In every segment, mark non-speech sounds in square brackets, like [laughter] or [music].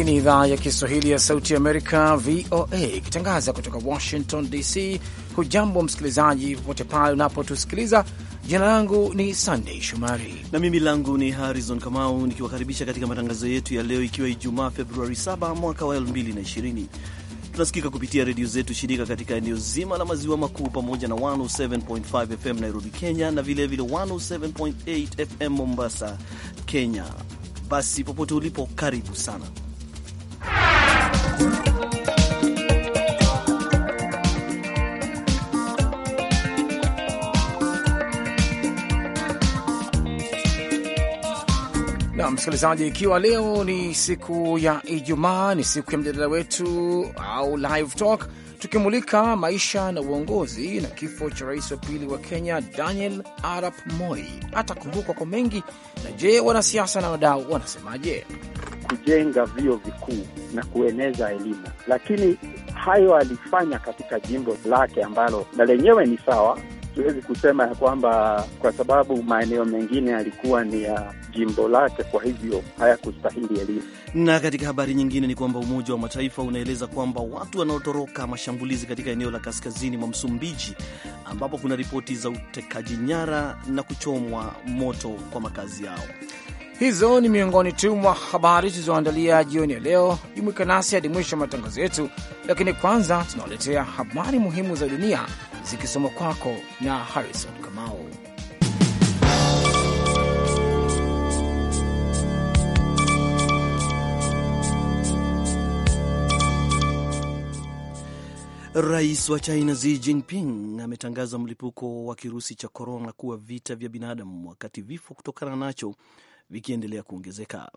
Hii ni idhaa ya Kiswahili ya Sauti Amerika, VOA, ikitangaza kutoka Washington DC. Hujambo msikilizaji, popote pale unapotusikiliza. Jina langu ni Sandey Shomari na mimi langu ni Harrison Kamau, nikiwakaribisha katika matangazo yetu ya leo, ikiwa Ijumaa Februari 7 mwaka wa 2020. Tunasikika kupitia redio zetu shirika katika eneo zima la maziwa makuu pamoja na 107.5 FM Nairobi, Kenya, na vilevile 107.8 FM Mombasa, Kenya. Basi popote ulipo, karibu sana na msikilizaji, ikiwa leo ni siku ya Ijumaa, ni siku ya mjadala wetu au live talk, tukimulika maisha na uongozi na kifo cha rais wa pili wa Kenya Daniel Arap Moi. Atakumbukwa kwa mengi, na je, wanasiasa na wadau wanasemaje? Kujenga vyuo vikuu na kueneza elimu, lakini hayo alifanya katika jimbo lake ambalo na lenyewe ni sawa, siwezi kusema ya kwamba kwa sababu maeneo mengine yalikuwa ni ya jimbo lake, kwa hivyo hayakustahili elimu. Na katika habari nyingine ni kwamba Umoja wa Mataifa unaeleza kwamba watu wanaotoroka mashambulizi katika eneo la kaskazini mwa Msumbiji, ambapo kuna ripoti za utekaji nyara na kuchomwa moto kwa makazi yao. Hizo ni miongoni tu mwa habari tulizoandalia jioni ya leo. Jumuika nasi hadi mwisho wa matangazo yetu, lakini kwanza tunawaletea habari muhimu za dunia zikisoma kwako na Harrison Kamau. Rais wa China Xi Jinping ametangaza mlipuko wa kirusi cha korona kuwa vita vya binadamu, wakati vifo kutokana nacho vikiendelea kuongezeka.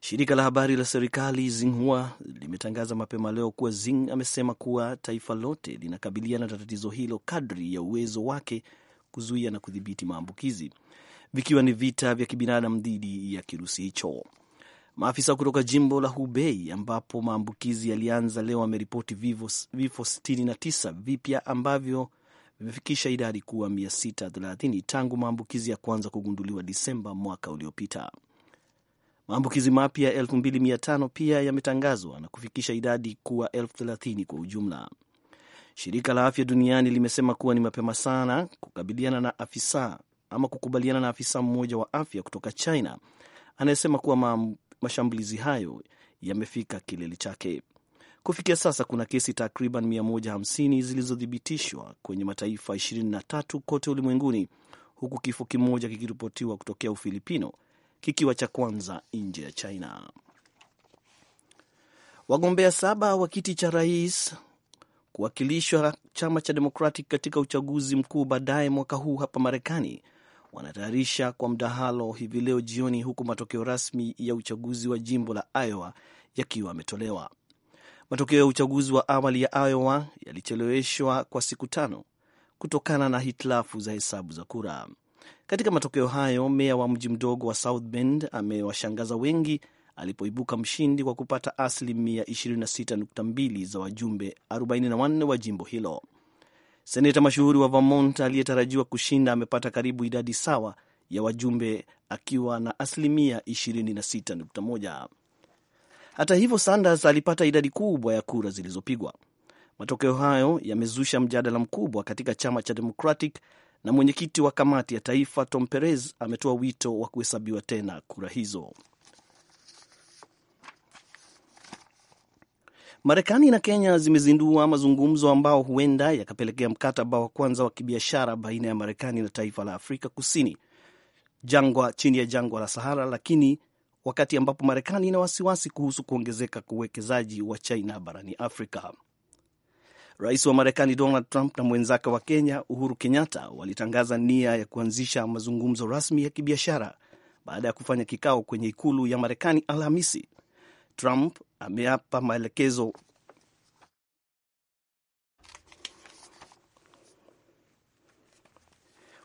Shirika la habari la serikali Xinhua limetangaza mapema leo kuwa Xi amesema kuwa taifa lote linakabiliana na tatizo hilo kadri ya uwezo wake kuzuia na kudhibiti maambukizi, vikiwa ni vita vya kibinadamu dhidi ya kirusi hicho. Maafisa kutoka jimbo la Hubei ambapo maambukizi yalianza leo ameripoti vifo 69 vipya ambavyo vimefikisha idadi kuwa 630 tangu maambukizi ya kwanza kugunduliwa Disemba mwaka uliopita. Maambukizi mapya 2500 pia yametangazwa na kufikisha idadi kuwa 30 kwa ujumla. Shirika la Afya Duniani limesema kuwa ni mapema sana kukabiliana na afisa ama kukubaliana na afisa mmoja wa afya kutoka China anayesema kuwa mashambulizi hayo yamefika kilele chake. Kufikia sasa kuna kesi takriban 150 zilizothibitishwa kwenye mataifa 23 kote ulimwenguni, huku kifo kimoja kikiripotiwa kutokea Ufilipino, kikiwa cha kwanza nje ya China. Wagombea saba wa kiti cha rais kuwakilishwa chama cha Democratic katika uchaguzi mkuu baadaye mwaka huu hapa Marekani wanatayarisha kwa mdahalo hivi leo jioni, huku matokeo rasmi ya uchaguzi wa jimbo la Iowa yakiwa yametolewa. Matokeo ya uchaguzi wa awali ya Iowa yalicheleweshwa kwa siku tano kutokana na hitilafu za hesabu za kura. Katika matokeo hayo, meya wa mji mdogo wa South Bend amewashangaza wengi alipoibuka mshindi kwa kupata asilimia 26.2 za wajumbe 44 wa jimbo hilo. Seneta mashuhuri wa Vermont aliyetarajiwa kushinda amepata karibu idadi sawa ya wajumbe akiwa na asilimia 26.1. Hata hivyo, Sanders alipata idadi kubwa ya kura zilizopigwa. Matokeo hayo yamezusha mjadala mkubwa katika chama cha Democratic na mwenyekiti wa kamati ya taifa Tom Perez ametoa wito wa kuhesabiwa tena kura hizo. Marekani na Kenya zimezindua mazungumzo ambao huenda yakapelekea mkataba wa kwanza wa kibiashara baina ya Marekani na taifa la Afrika Kusini jangwa chini ya jangwa la Sahara, lakini wakati ambapo Marekani ina wasiwasi kuhusu kuongezeka kwa uwekezaji wa China barani Afrika. Rais wa Marekani Donald Trump na mwenzake wa Kenya Uhuru Kenyatta walitangaza nia ya kuanzisha mazungumzo rasmi ya kibiashara baada ya kufanya kikao kwenye ikulu ya Marekani Alhamisi. Trump ameapa maelekezo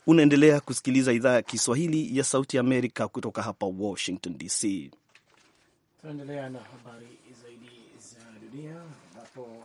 Unaendelea kusikiliza idhaa ya Kiswahili ya Sauti ya Amerika kutoka hapa Washington DC. Tunaendelea na habari zaidi za dunia, ambapo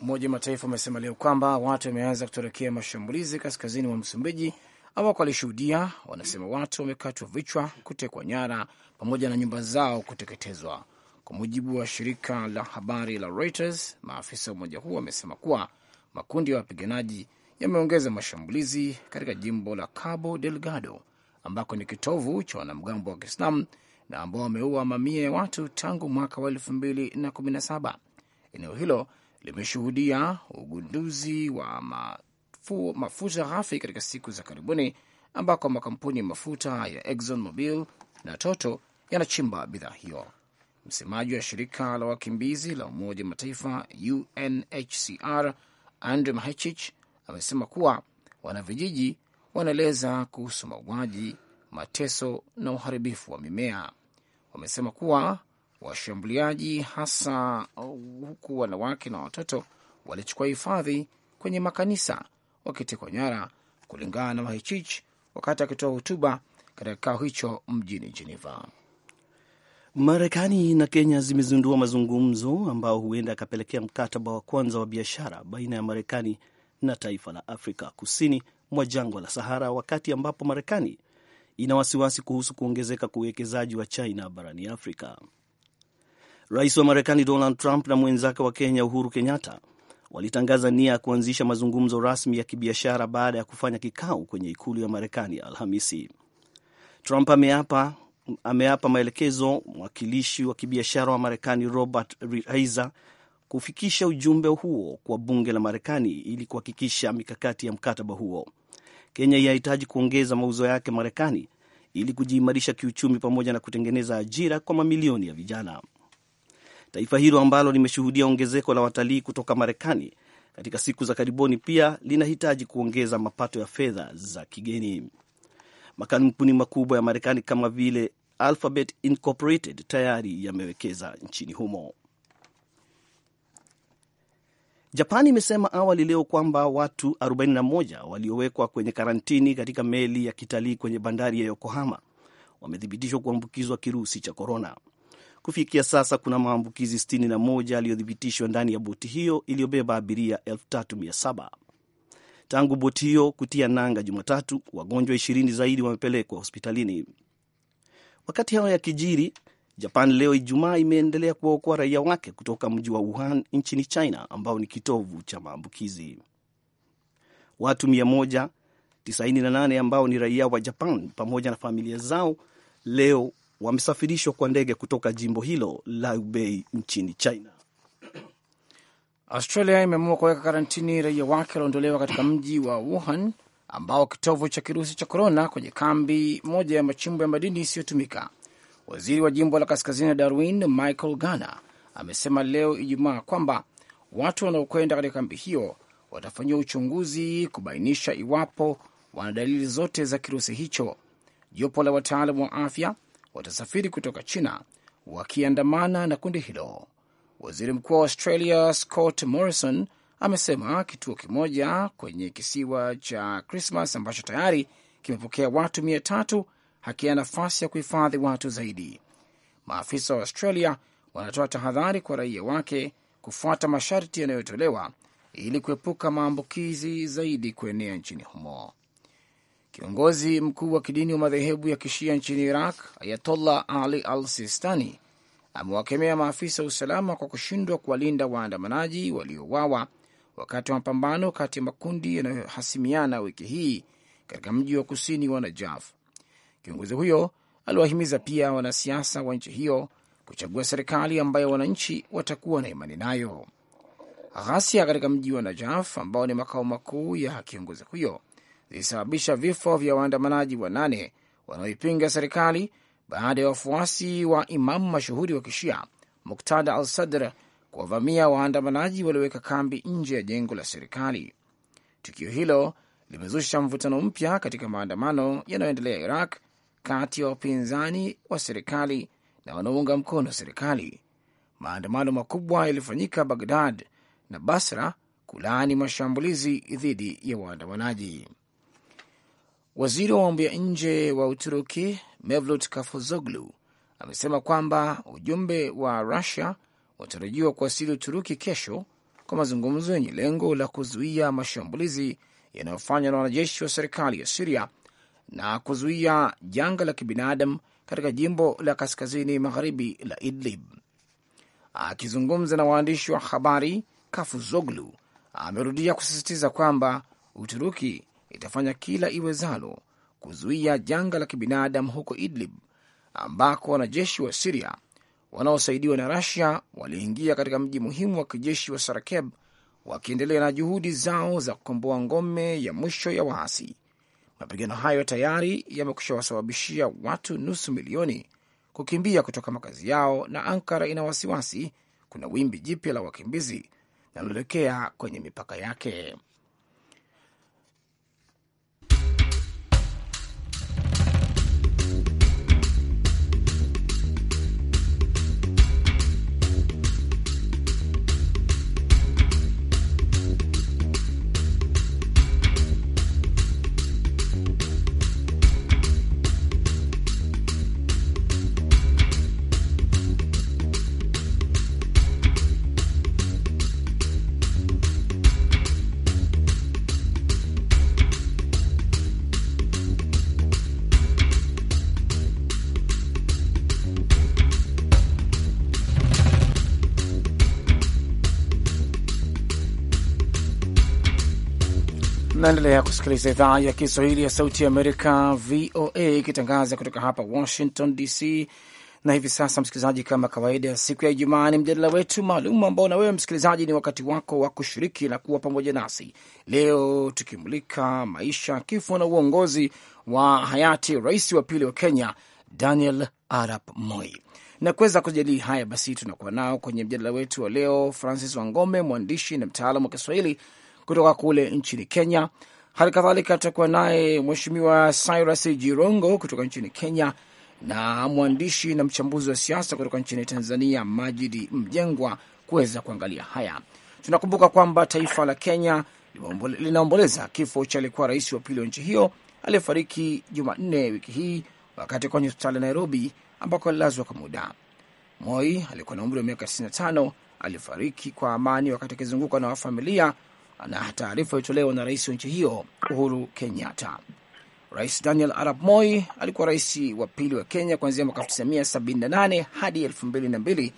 Umoja wa Mataifa umesema leo kwamba watu wameanza kutorekea mashambulizi kaskazini mwa Msumbiji ambako walishuhudia. Wanasema watu wamekatwa vichwa, kutekwa nyara, pamoja na nyumba zao kuteketezwa. Kwa mujibu wa shirika la habari la Reuters, maafisa wa umoja huo wamesema kuwa makundi ya wapiganaji yameongeza mashambulizi katika jimbo la Cabo Delgado ambako ni kitovu cha wanamgambo wa Kiislamu na ambao wameua mamia ya watu tangu mwaka wa 2017. Eneo hilo limeshuhudia ugunduzi wa mafu, mafuta ghafi katika siku za karibuni ambako makampuni ya mafuta ya Exxon Mobil na toto yanachimba bidhaa hiyo. Msemaji wa shirika la wakimbizi la Umoja wa Mataifa UNHCR Andrew Mahechich amesema kuwa wanavijiji wanaeleza kuhusu mauaji, mateso na uharibifu wa mimea. Wamesema kuwa washambuliaji, hasa huku wanawake na watoto, walichukua hifadhi kwenye makanisa wakitekwa nyara, kulingana na Mahechich wakati akitoa hotuba katika kikao hicho mjini Geneva. Marekani na Kenya zimezindua mazungumzo ambao huenda akapelekea mkataba wa kwanza wa biashara baina ya Marekani na taifa la Afrika kusini mwa jangwa la Sahara, wakati ambapo Marekani ina wasiwasi kuhusu kuongezeka kwa uwekezaji wa China barani Afrika. Rais wa Marekani Donald Trump na mwenzake wa Kenya Uhuru Kenyatta walitangaza nia ya kuanzisha mazungumzo rasmi ya kibiashara baada ya kufanya kikao kwenye ikulu ya Marekani Alhamisi. Trump ameapa ameapa maelekezo mwakilishi wa kibiashara wa Marekani Robert Reiser kufikisha ujumbe huo kwa bunge la Marekani ili kuhakikisha mikakati ya mkataba huo. Kenya inahitaji kuongeza mauzo yake Marekani ili kujiimarisha kiuchumi pamoja na kutengeneza ajira kwa mamilioni ya vijana. Taifa hilo ambalo limeshuhudia ongezeko la watalii kutoka Marekani katika siku za karibuni pia linahitaji kuongeza mapato ya fedha za kigeni. Makampuni makubwa ya Marekani kama vile Alphabet Incorporated tayari yamewekeza nchini humo. Japani imesema awali leo kwamba watu 41 waliowekwa kwenye karantini katika meli ya kitalii kwenye bandari ya Yokohama wamethibitishwa kuambukizwa kirusi cha korona. Kufikia sasa kuna maambukizi 61 yaliyothibitishwa ndani ya boti hiyo iliyobeba abiria 3700. Tangu boti hiyo kutia nanga Jumatatu, wagonjwa ishirini zaidi wamepelekwa hospitalini. Wakati hayo ya kijiri, Japan leo Ijumaa imeendelea kuwaokoa raia wake kutoka mji wa Wuhan nchini China, ambao ni kitovu cha maambukizi. Watu 198 ambao ni raia wa Japan pamoja na familia zao leo wamesafirishwa kwa ndege kutoka jimbo hilo la ubei nchini China. Australia imeamua kuweka karantini raia wake walioondolewa katika mji wa Wuhan ambao kitovu cha kirusi cha korona kwenye kambi moja ya machimbo ya madini isiyotumika. Waziri wa jimbo la kaskazini la Darwin, Michael Garner, amesema leo Ijumaa kwamba watu wanaokwenda katika kambi hiyo watafanyiwa uchunguzi kubainisha iwapo wana dalili zote za kirusi hicho. Jopo la wataalamu wa afya watasafiri kutoka China wakiandamana na kundi hilo. Waziri Mkuu wa Australia Scott Morrison amesema kituo kimoja kwenye kisiwa cha Krismas ambacho tayari kimepokea watu mia tatu hakina nafasi ya kuhifadhi watu zaidi. Maafisa wa Australia wanatoa tahadhari kwa raia wake kufuata masharti yanayotolewa ili kuepuka maambukizi zaidi kuenea nchini humo. Kiongozi mkuu wa kidini wa madhehebu ya kishia nchini Iraq Ayatollah Ali Al Sistani amewakemea maafisa wa usalama kwa kushindwa kuwalinda waandamanaji waliouawa wakati wa mapambano kati ya makundi yanayohasimiana wiki hii katika mji wa kusini wa Najaf. Kiongozi huyo aliwahimiza pia wanasiasa wa nchi hiyo kuchagua serikali ambayo wananchi watakuwa na imani nayo. Ghasia katika mji wa Najaf ambao ni makao makuu ya kiongozi huyo zilisababisha vifo vya waandamanaji wanane wanaoipinga serikali baada ya wafuasi wa imamu mashuhuri wa kishia Muktada al Sadr kuwavamia waandamanaji walioweka kambi nje ya jengo la serikali. Tukio hilo limezusha mvutano mpya katika maandamano yanayoendelea Iraq kati ya wapinzani wa serikali na wanaounga mkono serikali. Maandamano makubwa yalifanyika Bagdad na Basra kulaani mashambulizi dhidi ya waandamanaji. Waziri wa mambo ya nje wa Uturuki Mevlut kafuzoglu amesema kwamba ujumbe wa Rusia unatarajiwa kuwasili Uturuki kesho kwa mazungumzo yenye lengo la kuzuia mashambulizi yanayofanywa na wanajeshi wa serikali ya Siria na kuzuia janga la kibinadamu katika jimbo la kaskazini magharibi la Idlib. Akizungumza na waandishi wa habari, Kafuzoglu amerudia kusisitiza kwamba Uturuki itafanya kila iwezalo kuzuia janga la kibinadamu huko Idlib ambako wanajeshi wa Siria wanaosaidiwa na Rasia waliingia katika mji muhimu wa kijeshi wa Sarakeb wakiendelea na juhudi zao za kukomboa ngome ya mwisho ya waasi. Mapigano hayo tayari yamekusha wasababishia watu nusu milioni kukimbia kutoka makazi yao, na Ankara ina wasiwasi kuna wimbi jipya la wakimbizi linaloelekea kwenye mipaka yake. Naendelea kusikiliza idhaa ya Kiswahili ya Sauti ya Amerika, VOA, ikitangaza kutoka hapa Washington DC. Na hivi sasa, msikilizaji, kama kawaida, siku ya Ijumaa ni mjadala wetu maalum ambao na wewe msikilizaji, ni wakati wako wa kushiriki na kuwa pamoja nasi leo, tukimulika maisha, kifo na uongozi wa hayati rais wa pili wa Kenya, Daniel Arap Moi na kuweza kujadili haya basi, tunakuwa nao kwenye mjadala wetu wa leo Francis Wangome, mwandishi na mtaalamu wa Kiswahili kutoka kule nchini Kenya. Hali kadhalika atakuwa naye Mheshimiwa Cyrus Jirongo kutoka nchini Kenya, na mwandishi na mchambuzi wa siasa kutoka nchini Tanzania, Majidi Mjengwa, kuweza kuangalia haya. Tunakumbuka kwamba taifa la Kenya linaomboleza kifo cha aliyekuwa rais wa pili wa nchi hiyo aliyefariki Jumanne wiki hii wakati kwenye hospitali ya Nairobi ambako alilazwa kwa muda. Moi alikuwa na umri wa miaka 95, alifariki kwa amani wakati akizungukwa na wafamilia na taarifa iliyotolewa na rais wa nchi hiyo Uhuru Kenyatta. Rais Daniel Arap Moi alikuwa rais wa pili wa Kenya kuanzia mwaka 1978 hadi 2002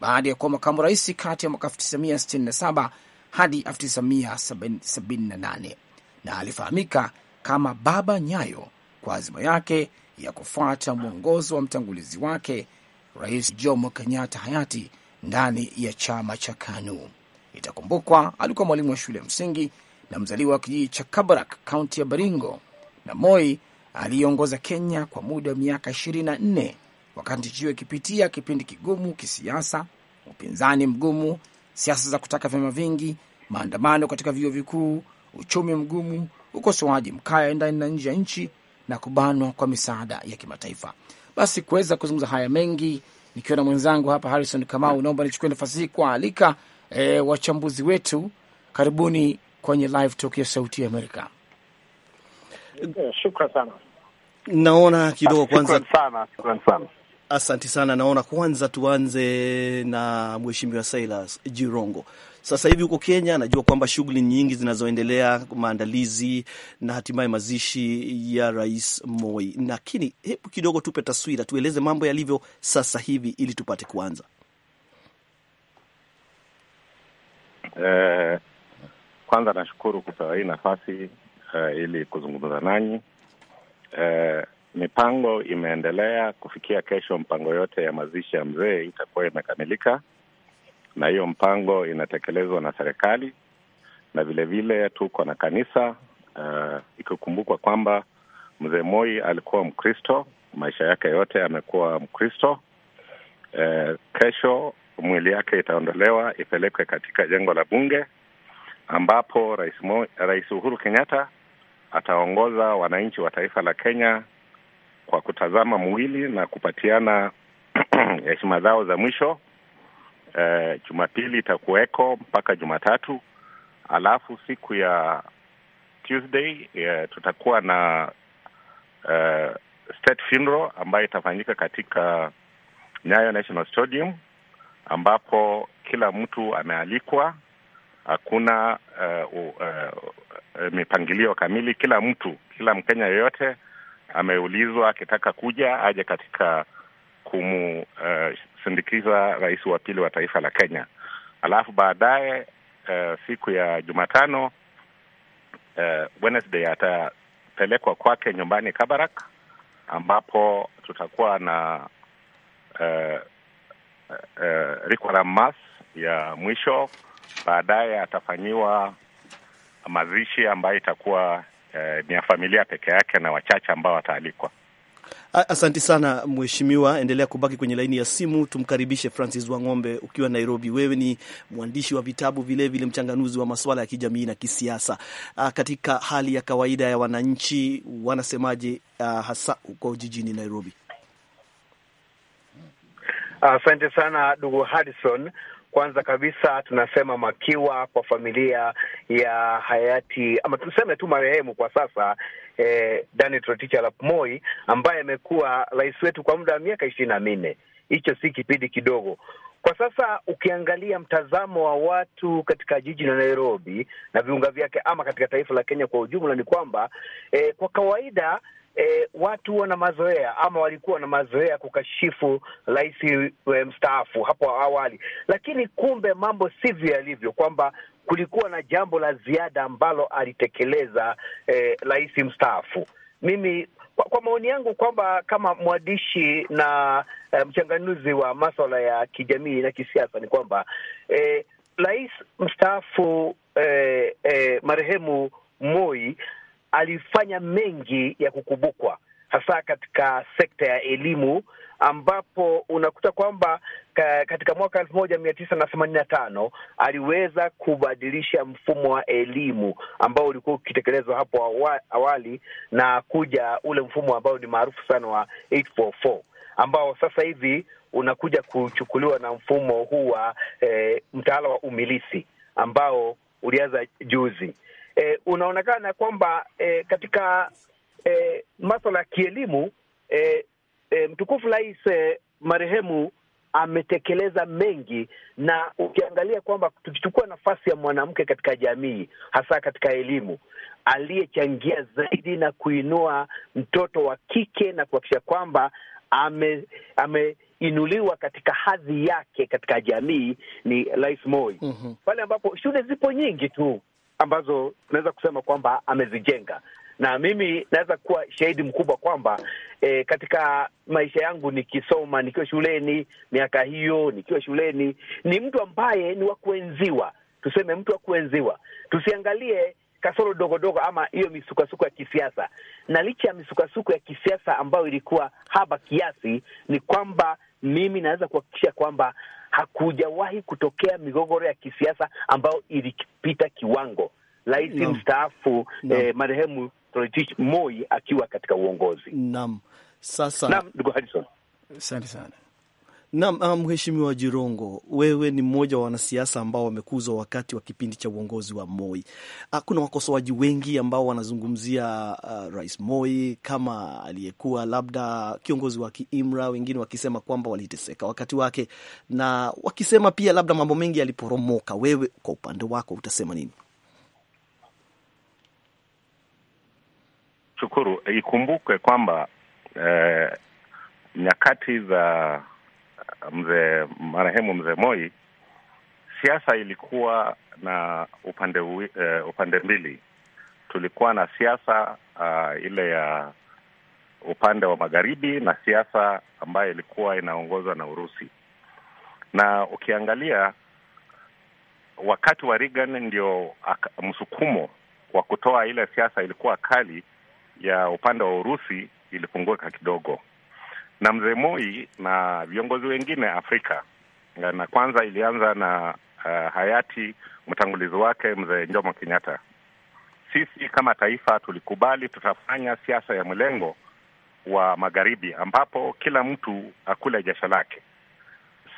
baada ya kuwa makamu rais kati ya mwaka 1967 hadi 1978, na alifahamika kama Baba Nyayo kwa azima yake ya kufuata mwongozo wa mtangulizi wake Rais Jomo Kenyatta hayati ndani ya chama cha KANU. Itakumbukwa alikuwa mwalimu wa shule ya msingi na mzaliwa wa kijiji cha Kabarak, kaunti ya Baringo, na Moi aliyeongoza Kenya kwa muda wa miaka 24 wakati nchi hiyo ikipitia kipindi kigumu kisiasa, upinzani mgumu, siasa za kutaka vyama vingi, maandamano katika vyuo vikuu, uchumi mgumu, ukosoaji mkaya ndani na nje ya nchi na kubanwa kwa misaada ya kimataifa. Basi kuweza kuzungumza haya mengi nikiwa na mwenzangu hapa Harrison Kamau, naomba nichukue nafasi hii kuwaalika e, wachambuzi wetu. Karibuni kwenye live talk ya Sauti ya Amerika. Eh, shukran sana. Naona kidogo kwanza, asanti sana, sana. Naona kwanza tuanze na mheshimiwa Silas Jirongo. Sasa hivi huko Kenya, najua kwamba shughuli nyingi zinazoendelea, maandalizi na hatimaye mazishi ya Rais Moi, lakini hebu kidogo tupe taswira, tueleze mambo yalivyo sasa hivi ili tupate kuanza Eh, kwanza nashukuru kupewa hii nafasi eh, ili kuzungumza nanyi. Eh, mipango imeendelea kufikia kesho, mpango yote ya mazishi ya mzee itakuwa imekamilika, na hiyo mpango inatekelezwa na serikali na vilevile tuko na kanisa eh, ikikumbukwa kwamba mzee Moi alikuwa Mkristo, maisha yake yote amekuwa Mkristo. Eh, kesho mwili yake itaondolewa ipelekwe katika jengo la bunge ambapo rais, Mo, Rais Uhuru Kenyatta ataongoza wananchi wa taifa la Kenya kwa kutazama mwili na kupatiana [clears throat] heshima zao za mwisho. E, Jumapili itakuweko mpaka Jumatatu, alafu siku ya Tuesday e, tutakuwa na e, state funeral ambayo itafanyika katika Nyayo National Stadium ambapo kila mtu amealikwa. Hakuna uh, uh, uh, mipangilio kamili. Kila mtu, kila Mkenya yeyote ameulizwa akitaka kuja aje katika kumsindikiza uh, rais wa pili wa taifa la Kenya. Alafu baadaye uh, siku ya Jumatano uh, Wednesday atapelekwa kwake nyumbani Kabarak, ambapo tutakuwa na uh, uh, eh, eh, rikwa la mas ya mwisho. Baadaye atafanyiwa mazishi ambayo itakuwa uh, ni ya familia peke yake na wachache ambao wataalikwa. Asanti sana mheshimiwa, endelea kubaki kwenye laini ya simu. Tumkaribishe Francis Wang'ombe ukiwa Nairobi. Wewe ni mwandishi wa vitabu vilevile vile mchanganuzi wa masuala ya kijamii na kisiasa. Katika hali ya kawaida ya wananchi wanasemaje, hasa huko jijini Nairobi? Asante uh, sana ndugu Harrison. Kwanza kabisa tunasema makiwa kwa familia ya hayati ama tuseme tu marehemu kwa sasa eh, Daniel Toroitich arap Moi ambaye amekuwa rais wetu kwa muda wa miaka ishirini na minne. Hicho si kipindi kidogo. Kwa sasa ukiangalia mtazamo wa watu katika jiji la Nairobi na viunga vyake ama katika taifa la Kenya kwa ujumla ni kwamba eh, kwa kawaida e, watu wana mazoea ama walikuwa na mazoea kukashifu rais e, mstaafu hapo awali, lakini kumbe mambo sivyo yalivyo, kwamba kulikuwa na jambo la ziada ambalo alitekeleza e, rais e, mstaafu. Mimi kwa, kwa maoni yangu kwamba kama mwandishi na e, mchanganuzi wa maswala ya kijamii na kisiasa ni kwamba e, rais mstaafu e, e, marehemu Moi alifanya mengi ya kukumbukwa, hasa katika sekta ya elimu, ambapo unakuta kwamba katika mwaka elfu moja mia tisa na themanini na tano aliweza kubadilisha mfumo wa elimu ambao ulikuwa ukitekelezwa hapo awali na kuja ule mfumo ambao ni maarufu sana wa 844 ambao sasa hivi unakuja kuchukuliwa na mfumo huu wa e, mtaala wa umilisi ambao ulianza juzi eh, unaonekana kwamba eh, katika eh, maswala ya kielimu eh, eh, mtukufu rais eh, marehemu ametekeleza mengi, na ukiangalia kwamba tukichukua nafasi ya mwanamke katika jamii, hasa katika elimu, aliyechangia zaidi na kuinua mtoto wa kike na kuhakikisha kwamba ame, ame inuliwa katika hadhi yake katika jamii ni Rais Moi. mm -hmm. Pale ambapo shule zipo nyingi tu ambazo tunaweza kusema kwamba amezijenga, na mimi naweza kuwa shahidi mkubwa kwamba e, katika maisha yangu nikisoma, nikiwa shuleni, miaka hiyo nikiwa shuleni, ni mtu ambaye ni wa kuenziwa, tuseme mtu wa kuenziwa, tusiangalie kasoro dogodogo ama hiyo misukasuko ya kisiasa. Na licha ya misukasuko ya kisiasa ambayo ilikuwa haba kiasi, ni kwamba mimi naweza kuhakikisha kwamba hakujawahi kutokea migogoro ya kisiasa ambayo ilipita kiwango. Rais no. mstaafu no. eh, marehemu Moi akiwa katika uongozi. Naam, sasa naam, ndugu Harrison, asante sana. Naam, ah, Mheshimiwa Jirongo, wewe ni mmoja wa wanasiasa ambao wamekuzwa wakati wa kipindi cha uongozi wa Moi. Ah, kuna wakosoaji wengi ambao wanazungumzia uh, Rais Moi kama aliyekuwa labda kiongozi wa kiimra, wengine wakisema kwamba waliteseka wakati wake na wakisema pia labda mambo mengi yaliporomoka. Wewe kwa upande wako utasema nini? Shukuru. Ikumbukwe kwamba eh, nyakati za mzee marehemu mzee Moi, siasa ilikuwa na upande uh, upande mbili. Tulikuwa na siasa uh, ile ya upande wa magharibi na siasa ambayo ilikuwa inaongozwa na Urusi, na ukiangalia wakati wa Reagan ndio msukumo wa kutoa ile siasa ilikuwa kali ya upande wa Urusi ilipunguka kidogo, na mzee Moi na viongozi wengine Afrika, na kwanza ilianza na uh, hayati mtangulizi wake mzee Jomo Kenyatta. Sisi kama taifa tulikubali tutafanya siasa ya mlengo wa magharibi, ambapo kila mtu akule jasho lake,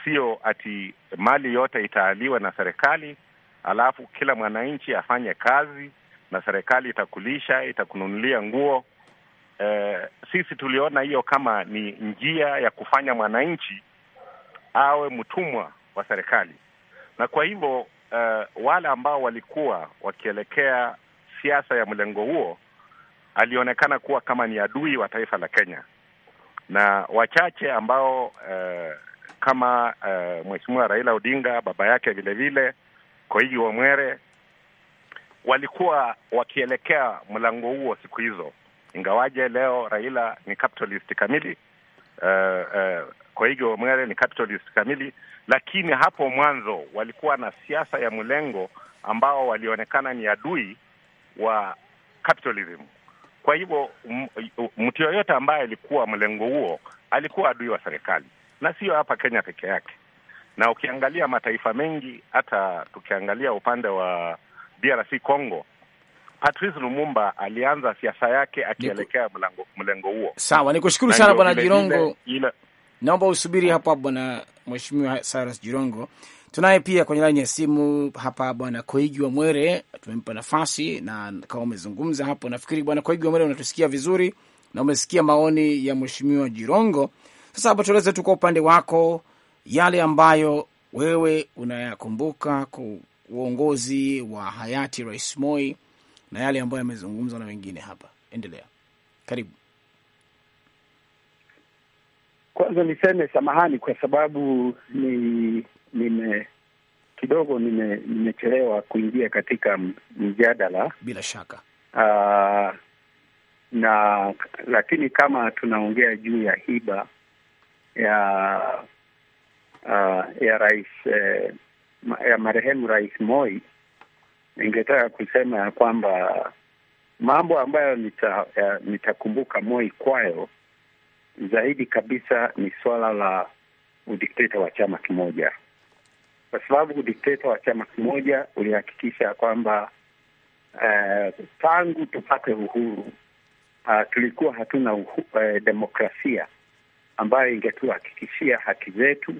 sio ati mali yote itaaliwa na serikali alafu kila mwananchi afanye kazi na serikali itakulisha, itakununulia nguo eh, sisi tuliona hiyo kama ni njia ya kufanya mwananchi awe mtumwa wa serikali, na kwa hivyo eh, wale ambao walikuwa wakielekea siasa ya mlengo huo alionekana kuwa kama ni adui wa taifa la Kenya, na wachache ambao eh, kama uh, Mheshimiwa Raila Odinga, baba yake vilevile Koigi Wamwere walikuwa wakielekea mlango huo siku hizo, ingawaje leo Raila ni capitalist kamili uh, uh, kwa hivyo Mwere ni capitalist kamili, lakini hapo mwanzo walikuwa na siasa ya mlengo ambao walionekana ni adui wa capitalism. Kwa hivyo mtu yoyote ambaye alikuwa mlengo huo alikuwa adui wa serikali, na sio hapa Kenya peke yake. Na ukiangalia mataifa mengi, hata tukiangalia upande wa DRC Congo, Patrice Lumumba alianza siasa yake akielekea mlango mlengo huo. Sawa, nikushukuru sana Bwana Jirongo, naomba usubiri hapo bwana Mheshimiwa Cyrus Jirongo. Tunaye pia kwenye laini ya simu hapa Bwana Koigi wa Mwere, tumempa nafasi na kama umezungumza hapo, nafikiri Bwana Koigi wa Mwere unatusikia vizuri na umesikia maoni ya Mheshimiwa Jirongo. Sasa hapo, tueleze tu kwa upande wako yale ambayo wewe unayakumbuka kwa uongozi wa hayati Rais Moi na yale ambayo yamezungumzwa na wengine hapa. Endelea, karibu. Kwanza niseme samahani kwa sababu ni nime kidogo nimechelewa kuingia katika mjadala, bila shaka uh, na lakini kama tunaongea juu ya hiba ya uh, ya rais eh, ya marehemu Rais Moi ningetaka kusema ya kwamba mambo ambayo nita, nitakumbuka Moi kwayo zaidi kabisa ni suala la udikteta wa chama kimoja, kwa sababu udikteta wa chama kimoja ulihakikisha kwamba eh, tangu tupate uhuru ah, tulikuwa hatuna uhu, eh, demokrasia ambayo ingetuhakikishia haki zetu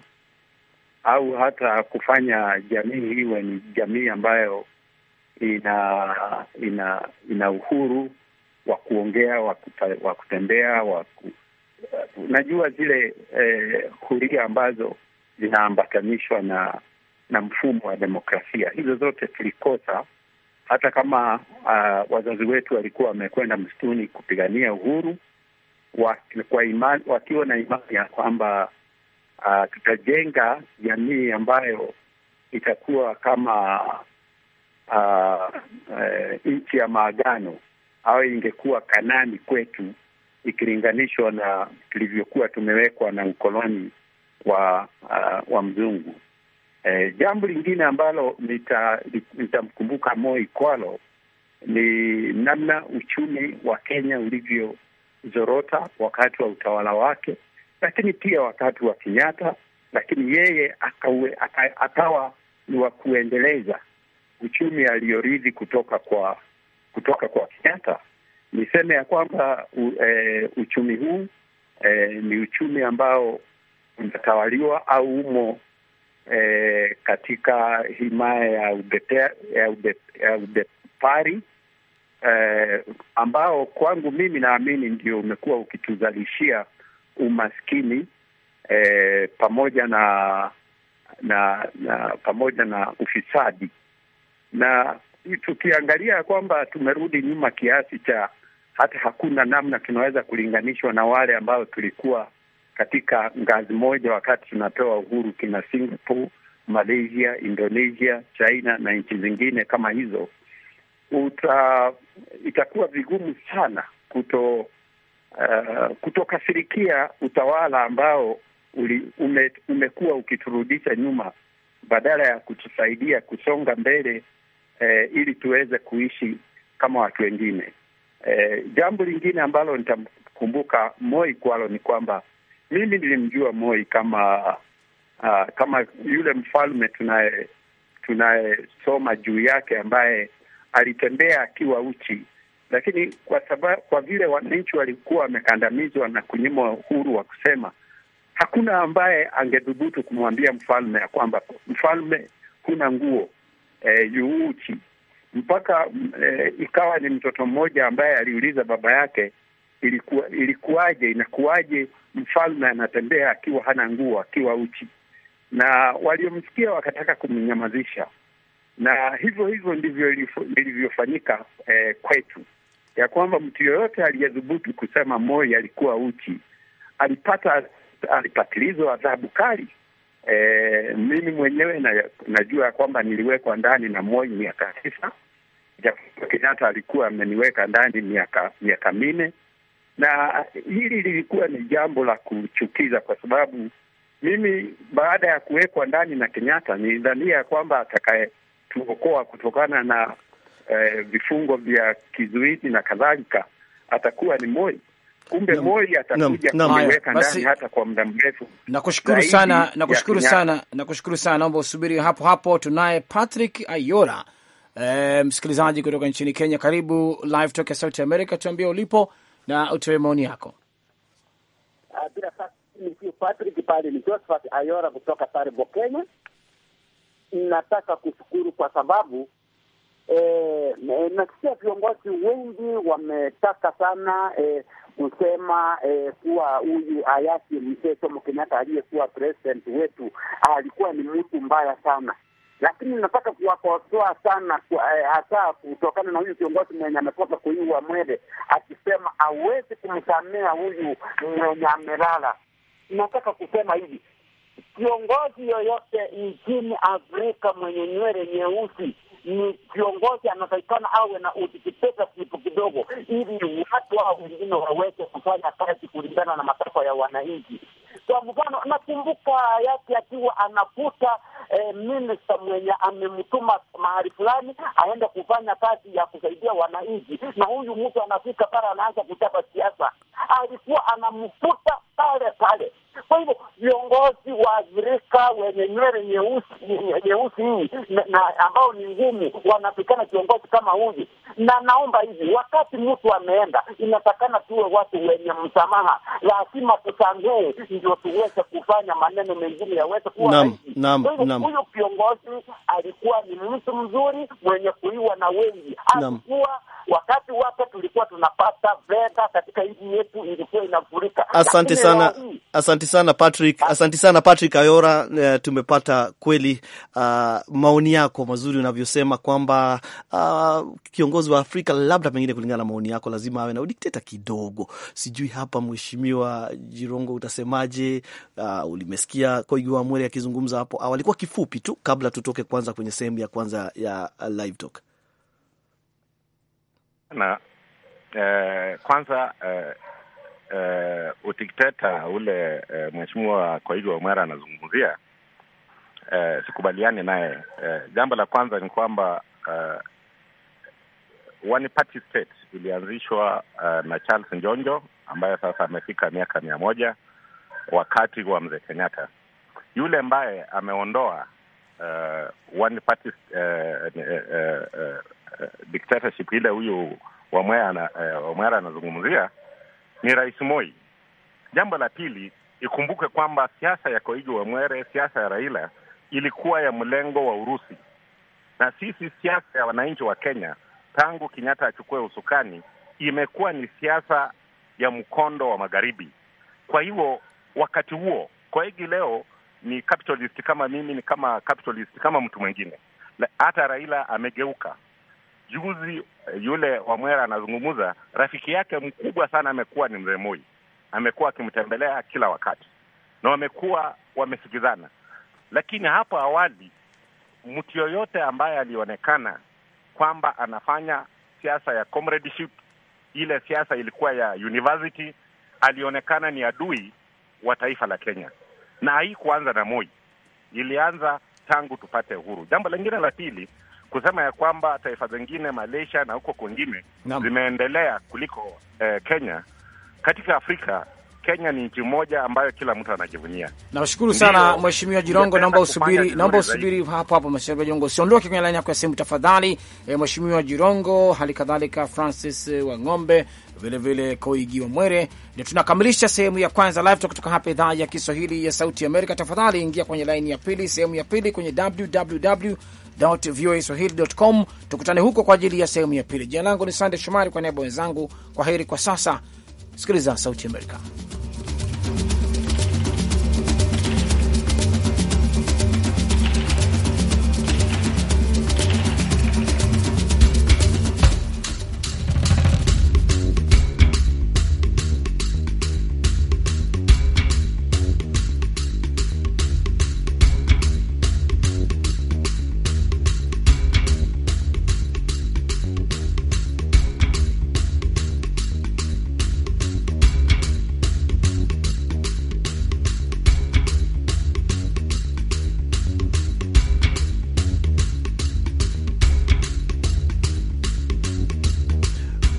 au hata kufanya jamii iwe ni jamii ambayo ina ina ina uhuru wa kuongea wa kutembea uh, unajua zile eh, huria ambazo zinaambatanishwa na na mfumo wa demokrasia. Hizo zote tulikosa, hata kama uh, wazazi wetu walikuwa wamekwenda msituni kupigania uhuru wa, kwa wakiwa na imani ya kwamba uh, tutajenga jamii ambayo itakuwa kama uh, uh, nchi ya maagano au ingekuwa Kanani kwetu ikilinganishwa na tulivyokuwa tumewekwa na ukoloni wa uh, wa mzungu. E, jambo lingine ambalo nitamkumbuka nita Moi Kwalo ni namna uchumi wa Kenya ulivyozorota wakati wa utawala wake, lakini pia wakati wa Kenyatta, lakini yeye akawe, akawa ni wa kuendeleza uchumi aliyorithi kutoka kwa kutoka kwa Kenyatta, niseme ya kwamba u, e, uchumi huu e, ni uchumi ambao unatawaliwa au umo e, katika himaya ya ubepari ya ube, ya ube e, ambao kwangu mimi naamini ndio umekuwa ukituzalishia umaskini e, pamoja na na na pamoja na ufisadi na tukiangalia kwamba tumerudi nyuma kiasi cha hata hakuna namna tunaweza kulinganishwa na wale ambao tulikuwa katika ngazi moja wakati tunapewa uhuru, kina Singapore, Malaysia, Indonesia, China na nchi zingine kama hizo, uta itakuwa vigumu sana kuto uh, kutokasirikia utawala ambao uli, ume, umekuwa ukiturudisha nyuma badala ya kutusaidia kusonga mbele eh, ili tuweze kuishi kama watu wengine. Eh, jambo lingine ambalo nitamkumbuka Moi kwalo ni kwamba mimi nilimjua Moi kama uh, kama yule mfalme tunaye tunayesoma juu yake ambaye alitembea akiwa uchi, lakini kwa sababu, kwa vile wananchi walikuwa wamekandamizwa na kunyimwa uhuru wa kusema, hakuna ambaye angedhubutu kumwambia mfalme ya kwamba mfalme, huna nguo, eh, Yuuchi mpaka eh, ikawa ni mtoto mmoja ambaye aliuliza baba yake ilikuwa ilikuwaje, inakuwaje mfalme anatembea akiwa hana nguo, akiwa uchi, na waliomsikia wakataka kumnyamazisha, na hivyo hivyo ndivyo ilivyofanyika eh, kwetu, ya kwamba mtu yoyote aliyedhubutu kusema Moi alikuwa uchi alipata alipatilizwa adhabu kali. E, mimi mwenyewe na, najua kwamba niliwekwa ndani na Moi miaka tisa, japokuwa Kenyatta alikuwa ameniweka ndani miaka miaka minne, na hili lilikuwa ni jambo la kuchukiza kwa sababu mimi baada ya kuwekwa ndani na Kenyatta nilidhania kwamba atakayetuokoa kutokana na eh, vifungo vya kizuizi na kadhalika atakuwa ni Moi, kumbe moja atakuja kuweka ndani hata kwa muda mrefu. Nakushukuru sana, nakushukuru sana, nakushukuru sana. Naomba usubiri hapo hapo, tunaye Patrick Ayora, E, msikilizaji kutoka nchini Kenya. Karibu live talk ya Sauti America, tuambie ulipo na utoe maoni yako. Ah, bila shaka Patrick pale, ni Josephat Ayora kutoka Tarbo, Kenya. Nataka kushukuru kwa sababu eh, nasikia viongozi wengi wametaka sana e, kusema eh, kuwa huyu hayati Mzee Jomo Kenyatta aliyekuwa president wetu alikuwa ni mtu mbaya sana, lakini nataka kuwakosoa sana eh, hasa eh, kutokana na huyu kiongozi mwenye ametoka kuiwa mwele akisema hawezi kumsamea huyu mwenye amelala. Nataka kusema hivi kiongozi yoyote nchini Afrika mwenye nywele nyeusi ni kiongozi anatakikana awe na utikipesa kitu kidogo, ili watu hao wengine waweze kufanya kazi kulingana na matakwa ya wananchi. Kwa mfano, nakumbuka yake akiwa anakuta e, eh, minista mwenye amemtuma mahali fulani aende kufanya kazi ya kusaidia wananchi, na huyu mtu anafika pale anaanza kuchapa siasa, alikuwa anamfuta pale pale. Kwa hivyo viongozi wa Afrika wenye nywele nyeusi nyeusi hii na ambao ni ngumu wanapikana kiongozi kama huyu, na naomba hivi, wakati mtu ameenda, inatakana tuwe watu wenye msamaha, lazima tusangee ndio tuweze kufanya maneno mengine yaweze kuwa naam, naam, naam huyu kiongozi alikuwa ni mtu mzuri mwenye kuiwa na wengi, alikuwa wakati wake tulikuwa tunapata fedha katika nchi yetu ilikuwa inafurika. Asante sana, asante sana Patrick, ah. asante sana Patrick Ayora. Uh, tumepata kweli uh, maoni yako mazuri unavyosema kwamba uh, kiongozi wa Afrika labda pengine kulingana na maoni yako lazima awe na udikteta kidogo. Sijui hapa Mheshimiwa Jirongo utasemaje? Uh, ulimesikia Koigi wa Mwere akizungumza hapo awali, alikuwa kifupi tu kabla tutoke kwanza kwenye sehemu ya kwanza ya uh, live talk. Na eh, kwanza eh, eh, utikteta ule eh, mheshimiwa Koigi Omara anazungumzia eh, sikubaliani naye eh, jambo la kwanza ni kwamba eh, one party state ilianzishwa eh, na Charles Njonjo ambaye sasa amefika miaka mia moja wakati wa mzee Kenyatta yule ambaye ameondoa uh, one party uh, uh, uh, uh, dictatorship ile huyu uh, Wamwera anazungumzia ni Rais Moi. Jambo la pili, ikumbuke kwamba siasa ya Koigi Wamwere, siasa ya Raila ilikuwa ya mlengo wa Urusi, na sisi siasa ya wananchi wa Kenya tangu Kenyatta achukue usukani imekuwa ni siasa ya mkondo wa magharibi. Kwa hivyo wakati huo Koigi leo ni capitalist kama mimi, ni kama capitalist kama mtu mwingine. Hata Raila amegeuka. Juzi eh, yule Wamwera anazungumza, rafiki yake mkubwa sana amekuwa ni mzee Moi, amekuwa akimtembelea kila wakati na wamekuwa wamesikizana. Lakini hapo awali mtu yoyote ambaye alionekana kwamba anafanya siasa ya comradeship, ile siasa ilikuwa ya university, alionekana ni adui wa taifa la Kenya na haikuanza na Moi, ilianza tangu tupate uhuru. Jambo lingine la pili kusema ya kwamba taifa zingine Malaysia na huko kwingine zimeendelea kuliko eh, Kenya katika Afrika Kenya ni nchi moja ambayo kila mtu anajivunia. Nashukuru sana Mheshimiwa Jirongo, naomba usubiri, naomba usubiri hapo hapo Mheshimiwa Jirongo, usiondoke kwenye laini yako ya simu tafadhali. E, Mheshimiwa Jirongo, hali kadhalika Francis wa e, Wang'ombe, vilevile Koigi wa Mwere, ndio tunakamilisha sehemu ya kwanza live talk kutoka hapa idhaa ya Kiswahili ya Sauti ya Amerika. Tafadhali ingia kwenye laini ya pili, sehemu ya pili kwenye www voaswahili.com. Tukutane huko kwa ajili ya sehemu ya pili. Jina langu ni Sande Shomari, kwa niaba wenzangu, kwa heri kwa sasa. Sikiliza Sauti Amerika.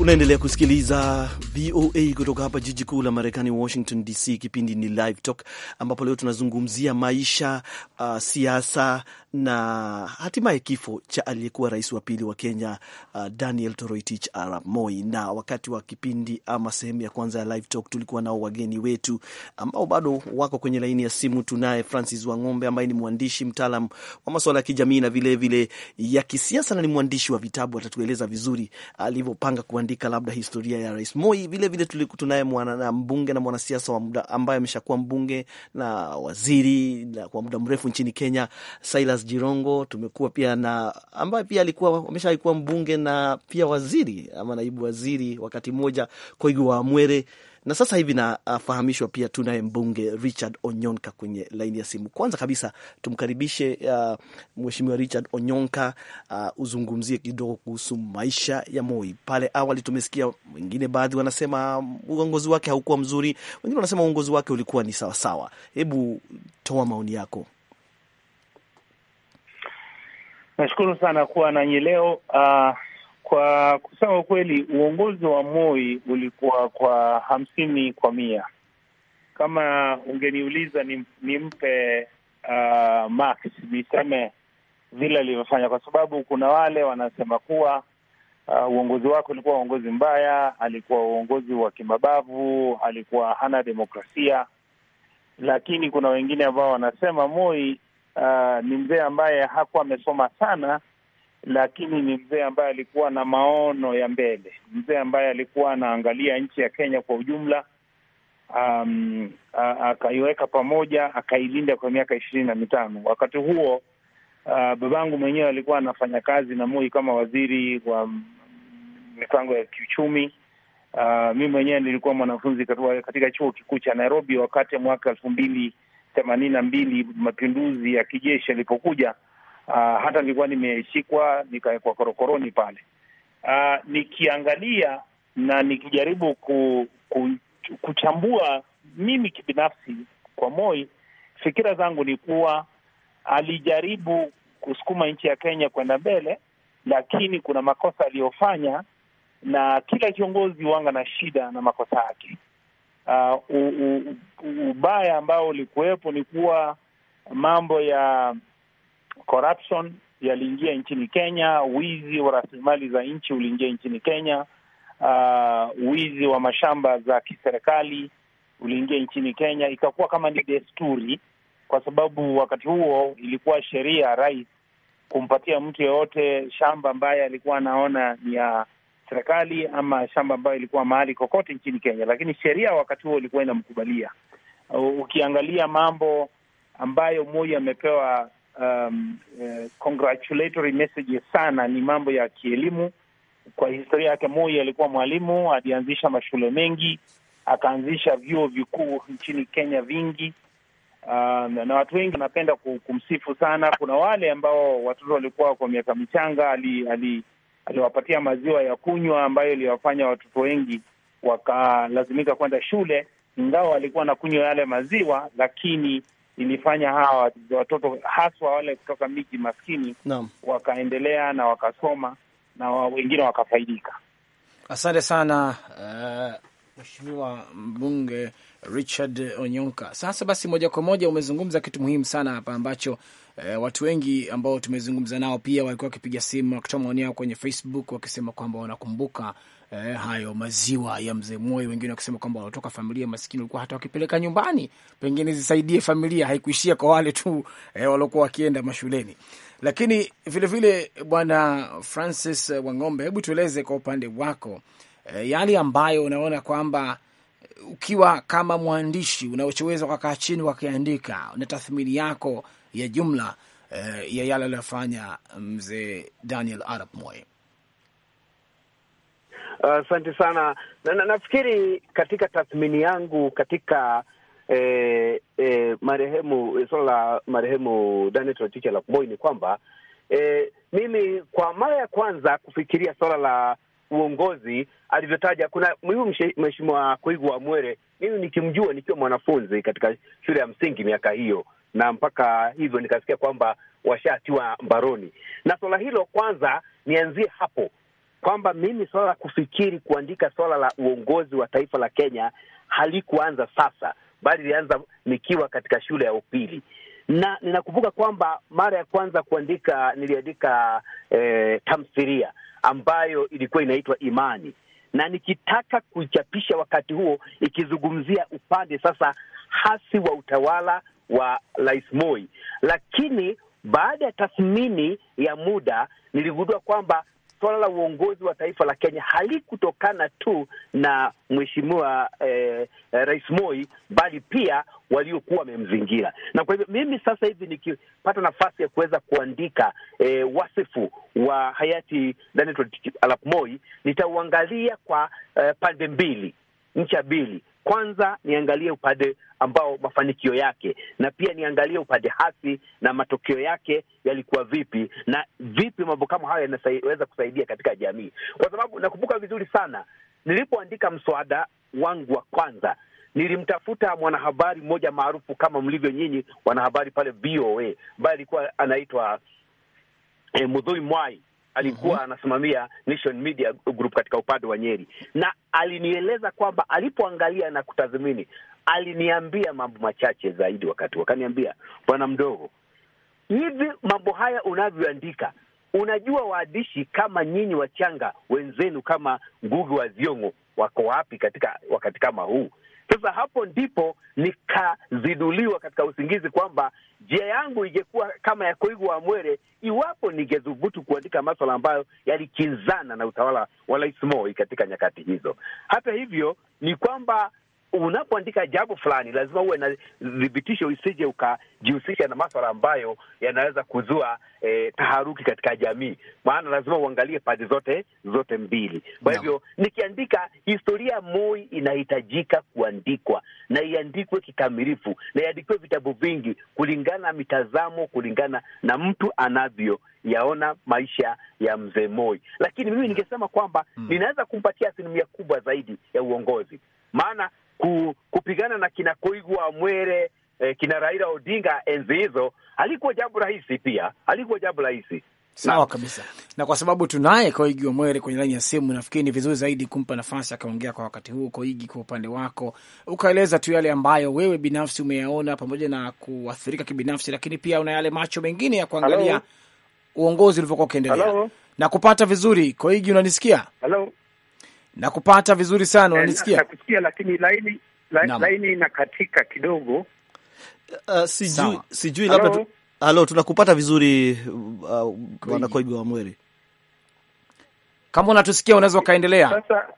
Unaendelea kusikiliza VOA kutoka hapa jiji kuu la Marekani, Washington DC. Kipindi ni Live Talk, ambapo leo tunazungumzia maisha, uh, siasa na hatimaye kifo cha aliyekuwa rais wa pili wa Kenya, uh, Daniel Toroitich arap Moi. Na wakati wa kipindi ama sehemu ya kwanza ya Live Talk tulikuwa nao wageni wetu ambao bado wako kwenye laini ya simu. Tunaye Francis Wang'ombe ambaye ni mwandishi mtaalam wa masuala ya kijamii na vilevile vile ya kisiasa na ni mwandishi wa vitabu. Atatueleza vizuri alivyopanga kuandika labda historia ya rais Moi vile vilevile tunaye mwana mbunge na mwanasiasa wa muda ambaye ameshakuwa mbunge na waziri na kwa muda mrefu nchini Kenya, Silas Jirongo. Tumekuwa pia na ambaye pia alikuwa ameshakuwa mbunge na pia waziri ama naibu waziri wakati mmoja, Koigi wa mwere na sasa hivi nafahamishwa pia tunaye mbunge Richard Onyonka kwenye laini ya simu. Kwanza kabisa tumkaribishe uh, mheshimiwa Richard Onyonka uh, uzungumzie kidogo kuhusu maisha ya Moi. Pale awali tumesikia wengine, baadhi wanasema uongozi wake haukuwa mzuri, wengine wanasema uongozi wake ulikuwa ni sawasawa. Hebu toa maoni yako. Nashukuru sana kuwa nanyi leo. Uh, kwa kusema kweli, uongozi wa Moi ulikuwa kwa hamsini kwa mia. Kama ungeniuliza nimpe uh, Marx niseme vile alivyofanya, kwa sababu kuna wale wanasema kuwa uh, uongozi wake ulikuwa uongozi mbaya, alikuwa uongozi wa kimabavu, alikuwa hana demokrasia, lakini kuna wengine ambao wanasema Moi uh, ni mzee ambaye hakuwa amesoma sana lakini ni mzee ambaye alikuwa na maono ya mbele, mzee ambaye alikuwa anaangalia nchi ya Kenya kwa ujumla, um, akaiweka pamoja, akailinda kwa miaka ishirini na mitano. Wakati huo uh, babangu mwenyewe alikuwa anafanya kazi na Moi kama waziri wa mipango ya kiuchumi. Uh, mi mwenyewe nilikuwa mwanafunzi katika chuo kikuu cha Nairobi wakati mwaka elfu mbili themanini na mbili mapinduzi ya kijeshi yalipokuja Uh, hata nilikuwa nimeshikwa nikawekwa korokoroni pale. Uh, nikiangalia na nikijaribu ku, ku, kuchambua mimi kibinafsi kwa Moi, fikira zangu ni kuwa alijaribu kusukuma nchi ya Kenya kwenda mbele, lakini kuna makosa aliyofanya, na kila kiongozi wanga na shida na makosa yake. Uh, ubaya ambao ulikuwepo ni kuwa mambo ya corruption yaliingia nchini Kenya, wizi wa rasilimali za nchi uliingia nchini Kenya, uh, wizi wa mashamba za kiserikali uliingia nchini Kenya. Ikakuwa kama ni desturi, kwa sababu wakati huo ilikuwa sheria rais kumpatia mtu yeyote shamba ambaye alikuwa anaona ni ya serikali ama shamba ambayo ilikuwa mahali kokote nchini Kenya, lakini sheria wakati huo ilikuwa inamkubalia. Ukiangalia mambo ambayo Moi amepewa um, uh, congratulatory messages sana, ni mambo ya kielimu. Kwa historia yake, Moi alikuwa mwalimu, alianzisha mashule mengi, akaanzisha vyuo vikuu nchini Kenya vingi. Um, na watu wengi wanapenda kumsifu sana. Kuna wale ambao watoto walikuwa kwa miaka michanga, ali, ali, aliwapatia maziwa ya kunywa ambayo iliwafanya watoto wengi wakalazimika kwenda shule, ingawa walikuwa na kunywa yale maziwa, lakini ilifanya hawa watoto haswa wale kutoka miji maskini no. wakaendelea na wakasoma na wengine wakafaidika. Asante sana uh, mbunge Richard Onyonka. Sasa basi, moja kwa moja umezungumza kitu muhimu sana hapa ambacho E, watu wengi ambao tumezungumza nao pia walikuwa wakipiga simu wakitoa maoni yao kwenye Facebook wakisema kwamba wanakumbuka eh, hayo maziwa ya mzee Moi, wengine wakisema kwamba wanatoka familia maskini, walikuwa hata wakipeleka nyumbani pengine zisaidie familia, haikuishia kwa wale tu eh, waliokuwa wakienda mashuleni. Lakini vilevile bwana Francis Wang'ombe, hebu tueleze kwa upande wako eh, yale ambayo unaona kwamba ukiwa kama mwandishi unachoweza ukakaa chini wakiandika na tathmini yako ya jumla eh, ya yale aliyofanya mzee Daniel Arap Moi. Asante uh, sana na, na, nafikiri katika tathmini yangu katika eh, eh, marehemu swala la marehemu Daniel Toroitich arap Moi ni kwamba eh, mimi kwa mara ya kwanza kufikiria suala la uongozi alivyotaja, kuna huyu mheshimiwa wa Mwere, mimi nikimjua nikiwa mwanafunzi katika shule ya msingi miaka hiyo, na mpaka hivyo nikasikia kwamba washatiwa mbaroni na suala hilo. Kwanza nianzie hapo kwamba mimi suala la kufikiri kuandika suala la uongozi wa taifa la Kenya halikuanza sasa, bali ilianza nikiwa katika shule ya upili, na ninakumbuka kwamba mara ya kwanza kuandika niliandika eh, tamthilia ambayo ilikuwa inaitwa Imani na nikitaka kuichapisha wakati huo ikizungumzia upande sasa hasi wa utawala wa Rais Moi, lakini baada ya tathmini ya muda niligundua kwamba suala la uongozi wa taifa la Kenya halikutokana tu na mheshimiwa eh, Rais Moi, bali pia waliokuwa wamemzingira. Na kwa hivyo mimi sasa hivi nikipata nafasi ya kuweza kuandika eh, wasifu wa hayati Daniel arap Moi nitauangalia kwa eh, pande mbili, ncha mbili kwanza niangalie upande ambao mafanikio yake, na pia niangalie upande hasi na matokeo yake yalikuwa vipi, na vipi mambo kama hayo yanaweza kusaidia katika jamii. Kwa sababu nakumbuka vizuri sana nilipoandika mswada wangu wa kwanza nilimtafuta mwanahabari mmoja maarufu kama mlivyo nyinyi wanahabari pale VOA ambaye alikuwa anaitwa eh, Mudhui Mwai alikuwa mhm. anasimamia Nation Media Group katika upande wa Nyeri, na alinieleza kwamba alipoangalia na kutathmini, aliniambia mambo machache zaidi wakati wakaniambia, bwana mdogo, hivi mambo haya unavyoandika Unajua, waandishi kama nyinyi wachanga wenzenu kama Ngugi wa Thiong'o wako wapi katika wakati kama huu? Sasa hapo ndipo nikaziduliwa katika usingizi kwamba njia yangu ingekuwa kama ya Koigu wa Mwere iwapo ningethubutu kuandika maswala ambayo yalikinzana na utawala wa Rais Moi katika nyakati hizo. Hata hivyo ni kwamba unapoandika jambo fulani lazima uwe na dhibitisho, usije ukajihusisha na maswala ambayo yanaweza kuzua eh, taharuki katika jamii, maana lazima uangalie pande zote zote mbili. Kwa hivyo no. nikiandika historia Moi inahitajika kuandikwa na iandikwe kikamilifu na iandikiwe vitabu vingi, kulingana na mitazamo, kulingana na mtu anavyo yaona maisha ya mzee Moi, lakini mimi ningesema kwamba mm. ninaweza kumpatia asilimia kubwa zaidi ya uongozi, maana ku, kupigana na kina Koigwa Mwere eh, kina Raila Odinga enzi hizo alikuwa jambo rahisi, pia alikuwa jambo rahisi. Sawa kabisa, na kwa sababu tunaye Koigi mwere kwenye laini ya simu, nafikiri ni vizuri zaidi kumpa nafasi akaongea kwa wakati huu. Koigi, kwa upande wako, ukaeleza tu yale ambayo wewe binafsi umeyaona, pamoja na kuathirika kibinafsi, lakini pia una yale macho mengine ya kuangalia Hello. uongozi ulivyokuwa ukiendelea na kupata vizuri. Koigi, unanisikia? Hello na kupata vizuri sana eh, unanisikia? Nakusikia, lakini laini laini inakatika kidogo. Uh, sijui Sama. sijui, labda tu, halo, tunakupata vizuri uh, bwana Koigi wa Mweri, kama unatusikia unaweza ukaendelea sasa.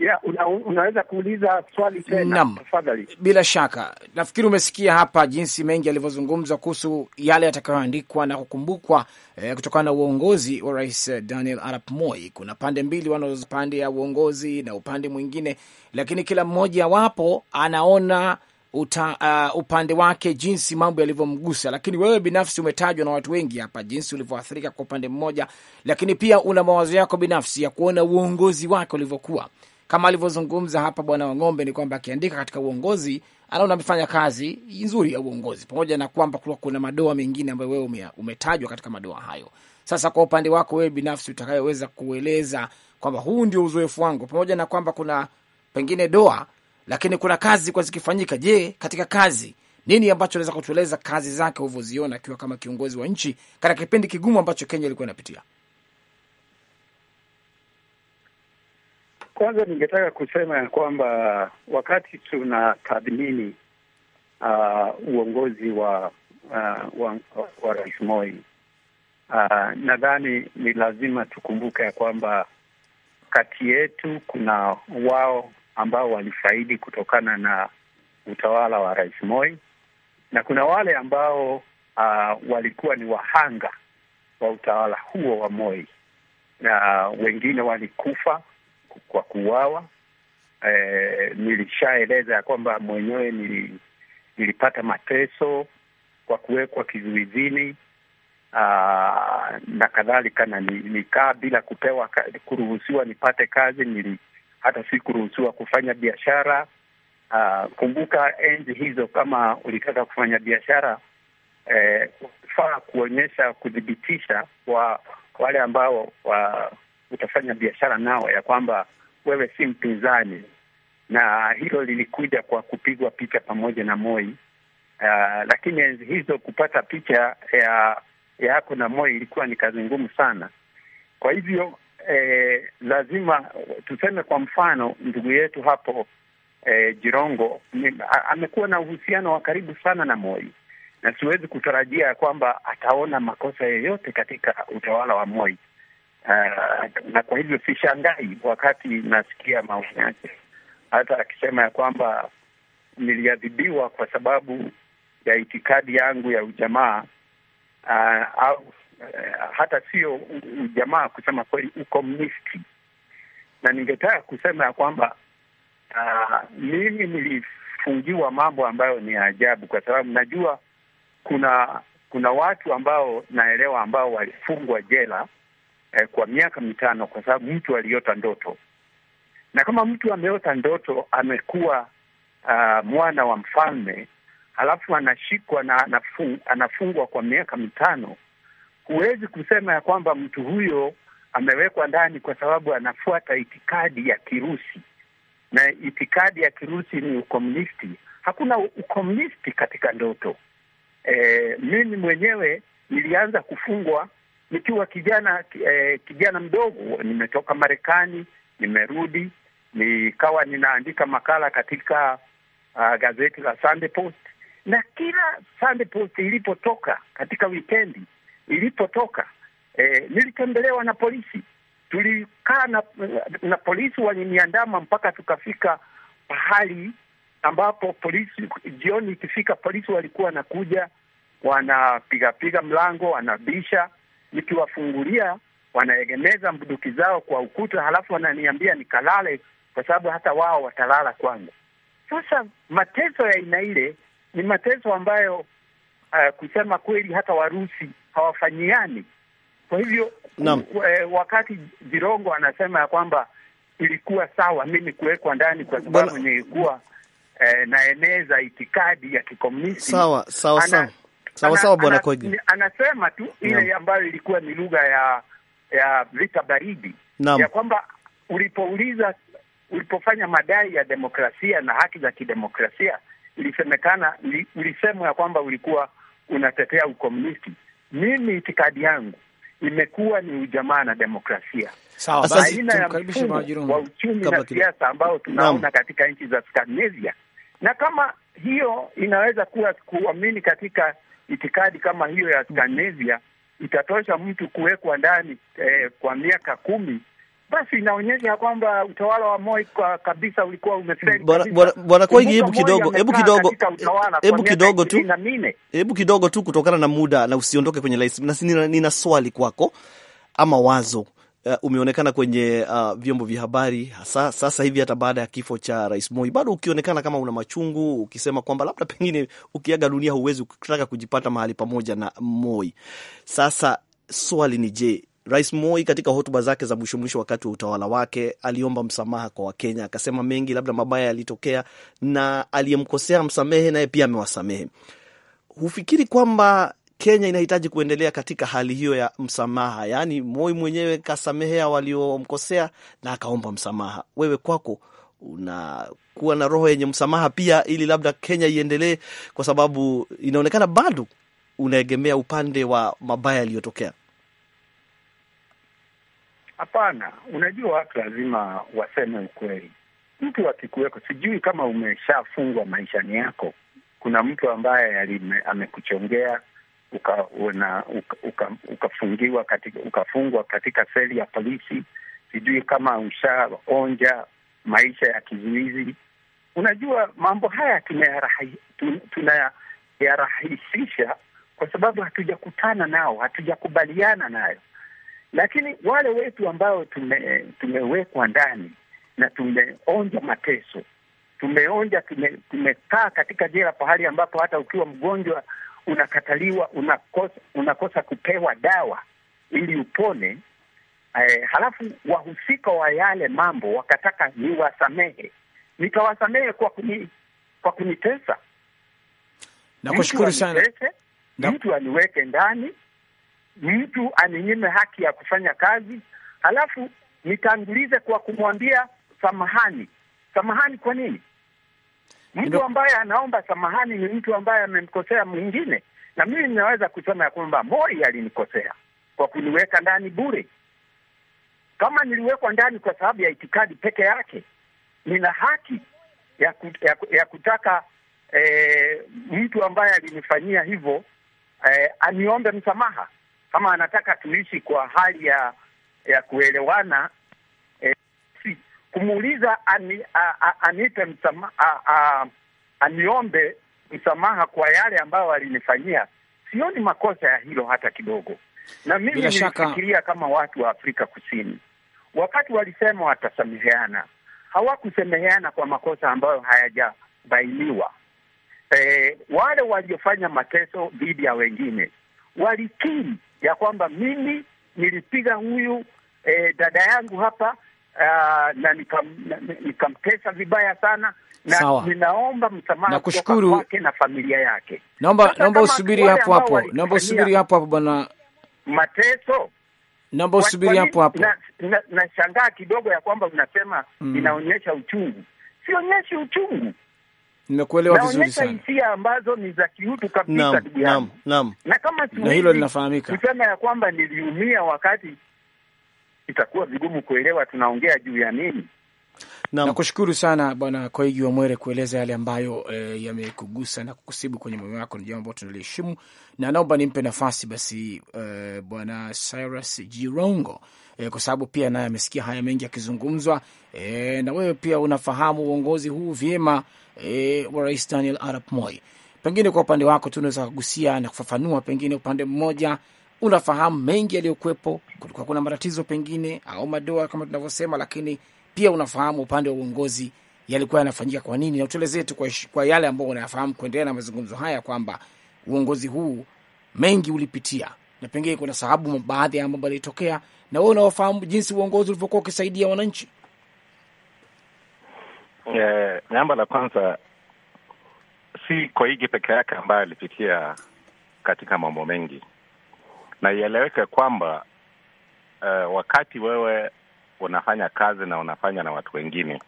Yeah, una, unaweza kuuliza swali tena tafadhali. Bila shaka nafikiri umesikia hapa jinsi mengi alivyozungumza kuhusu yale yatakayoandikwa na kukumbukwa eh, kutokana na uongozi wa Rais eh, Daniel Arap Moi. Kuna pande mbili wanapande pande ya uongozi na upande mwingine, lakini kila mmoja wapo anaona uta, uh, upande wake jinsi mambo yalivyomgusa, lakini wewe binafsi umetajwa na watu wengi hapa jinsi ulivyoathirika kwa upande mmoja, lakini pia una mawazo yako binafsi ya kuona uongozi wake ulivyokuwa kama alivyozungumza hapa bwana Wang'ombe ni kwamba akiandika katika uongozi anaona amefanya kazi nzuri ya uongozi, pamoja na kwamba kuna madoa mengine ambayo wewe umetajwa katika madoa hayo. Sasa kwa upande wako wewe binafsi utakayoweza kueleza kwamba huu ndio uzoefu wangu, pamoja na kwamba kuna pengine doa, lakini kuna kazi kwa zikifanyika. Je, katika kazi nini ambacho unaweza kutueleza kazi zake ulivyoziona akiwa kama kiongozi wa nchi katika kipindi kigumu ambacho Kenya ilikuwa inapitia? Kwanza ningetaka kusema ya kwamba wakati tunatathmini uh, uongozi wa uh, wa, wa Rais Moi uh, nadhani ni lazima tukumbuke ya kwamba kati yetu kuna wao ambao walifaidi kutokana na utawala wa Rais Moi na kuna wale ambao uh, walikuwa ni wahanga wa utawala huo wa Moi na wengine walikufa kwa kuuawa. E, nilishaeleza ya kwamba mwenyewe nilipata mateso kwa kuwekwa kizuizini ah, na kadhalika, na nikaa bila kupewa kuruhusiwa nipate kazi nili, hata si kuruhusiwa kufanya biashara. Ah, kumbuka enzi hizo, kama ulitaka kufanya biashara eh, faa kuonyesha kuthibitisha kwa wale ambao wa, utafanya biashara nao ya kwamba wewe si mpinzani, na hilo lilikuja kwa kupigwa picha pamoja na Moi. Uh, lakini enzi hizo kupata picha ya yako na Moi ilikuwa ni kazi ngumu sana. Kwa hivyo eh, lazima tuseme, kwa mfano ndugu yetu hapo eh, Jirongo amekuwa na uhusiano wa karibu sana na Moi na siwezi kutarajia kwamba ataona makosa yoyote katika utawala wa Moi. Uh, na kwa hivyo sishangai wakati nasikia maoni yake, hata akisema ya kwamba niliadhibiwa kwa sababu ya itikadi yangu ya ujamaa uh, au uh, hata sio ujamaa, kusema kweli, ukomunisti. Na ningetaka kusema ya kwamba uh, mimi nilifungiwa mambo ambayo ni ajabu, kwa sababu najua kuna kuna watu ambao naelewa ambao walifungwa jela eh, kwa miaka mitano, kwa sababu mtu aliota ndoto, na kama mtu ameota ndoto amekuwa uh, mwana wa mfalme, halafu anashikwa na anafung, anafungwa kwa miaka mitano, huwezi kusema ya kwamba mtu huyo amewekwa ndani kwa sababu anafuata itikadi ya Kirusi, na itikadi ya Kirusi ni ukomunisti. Hakuna ukomunisti katika ndoto. E, mimi mwenyewe nilianza kufungwa nikiwa kijana eh, kijana mdogo, nimetoka Marekani, nimerudi nikawa ninaandika makala katika uh, gazeti la Sunday Post, na kila Sunday Post ilipotoka katika wikendi ilipotoka, eh, nilitembelewa na polisi. Tulikaa na, na polisi waliniandama mpaka tukafika pahali ambapo polisi, jioni ikifika, polisi walikuwa wanakuja wanapigapiga mlango, wanabisha nikiwafungulia wanaegemeza mbuduki zao kwa ukuta, halafu wananiambia nikalale, kwa sababu hata wao watalala kwanza. Sasa mateso ya aina ile ni mateso ambayo uh, kusema kweli hata Warusi hawafanyiani. Kwa hivyo uh, wakati Jirongo anasema ya kwamba ilikuwa sawa mimi kuwekwa ndani kwa sababu nilikuwa uh, naeneza itikadi ya kikomunisti sawa, sawa, sawa sawa sawa, bwana Koigi anasema tu ile yeah, ambayo ilikuwa ni lugha ya ya vita baridi Naam. ya kwamba ulipouliza ulipofanya madai ya demokrasia na haki za kidemokrasia ilisemekana, ulisemwa ya kwamba ulikuwa unatetea ukomunisti. Mimi itikadi yangu imekuwa ni ujamaa na demokrasia, aina ya mfumo wa uchumi na siasa ambao tunaona katika nchi za Skandinavia, na kama hiyo inaweza kuwa kuamini katika itikadi kama hiyo ya Scandinavia mhm. itatosha mtu kuwekwa ndani eh, kwa miaka kumi basi inaonyesha kwamba utawala wa Moi kwa kabisa ulikuwa umefeli. Bwana Koigi, hebu kidogo, hebu kidogo, hebu kidogo tu, hebu kidogo tu, kutokana na muda na usiondoke kwenye rais, na nina swali kwako ama wazo uh, umeonekana kwenye uh, vyombo vya habari hasa sasa hivi, hata baada ya kifo cha Rais Moi bado ukionekana kama una machungu, ukisema kwamba labda pengine ukiaga dunia huwezi kutaka kujipata mahali pamoja na Moi. Sasa swali ni je, Rais Moi katika hotuba zake za mwisho mwisho wakati wa utawala wake aliomba msamaha kwa Wakenya, akasema mengi labda mabaya yalitokea, na aliyemkosea msamehe, naye pia amewasamehe. Hufikiri kwamba Kenya inahitaji kuendelea katika hali hiyo ya msamaha, yaani Moi mwenyewe kasamehea waliomkosea na akaomba msamaha. Wewe kwako unakuwa na roho yenye msamaha pia, ili labda Kenya iendelee, kwa sababu inaonekana bado unaegemea upande wa mabaya yaliyotokea. Hapana, unajua watu lazima waseme ukweli. Mtu akikuweko, sijui kama umeshafungwa maishani yako, kuna mtu ambaye amekuchongea, ukafungiwa uka, uka katika, ukafungwa katika seli ya polisi, sijui kama ushaonja maisha ya kizuizi. Unajua, mambo haya tunayarahisisha kwa sababu hatujakutana nao, hatujakubaliana nayo, lakini wale wetu ambao tume, tumewekwa ndani na tumeonja mateso, tumeonja tumekaa tume katika jela, pahali ambapo hata ukiwa mgonjwa unakataliwa, unakosa, unakosa kupewa dawa ili upone. Eh, halafu wahusika wa yale mambo wakataka niwasamehe, nitawasamehe kwa kuni, kwa kunitesa. Nakushukuru sana. Mtu aniweke ndani, mtu aninyime haki ya kufanya kazi, halafu nitangulize kwa kumwambia samahani. Samahani kwa nini? Mtu ambaye anaomba samahani ni mtu ambaye amemkosea mwingine, na mimi ninaweza kusema ya kwamba Moi alinikosea kwa kuniweka ndani bure. Kama niliwekwa ndani kwa sababu ya itikadi peke yake, nina haki ya, ku, ya, ya kutaka eh, mtu ambaye alinifanyia hivyo eh, aniombe msamaha, kama anataka tuishi kwa hali ya ya kuelewana kumuuliza ani, anipe msama, aniombe msamaha kwa yale ambayo alinifanyia, sioni makosa ya hilo hata kidogo. Na mimi nilifikiria kama watu wa Afrika Kusini wakati walisema watasameheana, hawakusameheana kwa makosa ambayo hayajabainiwa. E, wale waliofanya mateso dhidi ya wengine walikiri ya kwamba mimi nilipiga huyu e, dada yangu hapa uh, na nikamtesa vibaya sana na sawa. ninaomba msamaha kutoka kwake na familia yake. Naomba naomba usubiri hapo hapo, naomba usubiri hapo hapo bwana Mateso, naomba usubiri hapo hapo. Nashangaa na, na kidogo ya kwamba unasema mm, inaonyesha uchungu. Sionyeshi uchungu, nimekuelewa vizuri sana. Hisia ambazo ni za kiutu kabisa, ndugu yangu, na kama na hilo linafahamika, kusema ya kwamba niliumia wakati itakuwa vigumu kuelewa tunaongea juu ya nini. Na, kushukuru sana Bwana Koigi Mwere kueleza yale ambayo e, yamekugusa na kukusibu kwenye moyo wako, ni jambo ambao tunaliheshimu, na naomba nimpe nafasi basi e, Bwana Cyrus Jirongo e, kwa sababu pia naye amesikia haya mengi yakizungumzwa e, na wewe pia unafahamu uongozi huu vyema e, wa Rais Daniel Arap Moi. Pengine kwa upande wako tu unaweza kugusia na kufafanua pengine upande mmoja unafahamu mengi yaliyokuwepo. Kulikuwa kuna matatizo pengine au madoa kama tunavyosema, lakini pia unafahamu upande wa uongozi yalikuwa yanafanyika kwa nini, na tu kwa, kwa yale ambayo unayafahamu, kuendelea na mazungumzo haya kwamba uongozi huu mengi ulipitia na pengine kuna sababu baadhi ya mambo yalitokea, na wewe unaofahamu jinsi uongozi ulivyokuwa ukisaidia wananchi. Eh, jambo yeah, la kwanza si Koigi peke yake ambaye alipitia katika mambo mengi na ieleweke kwamba uh, wakati wewe unafanya kazi na unafanya na watu wengine,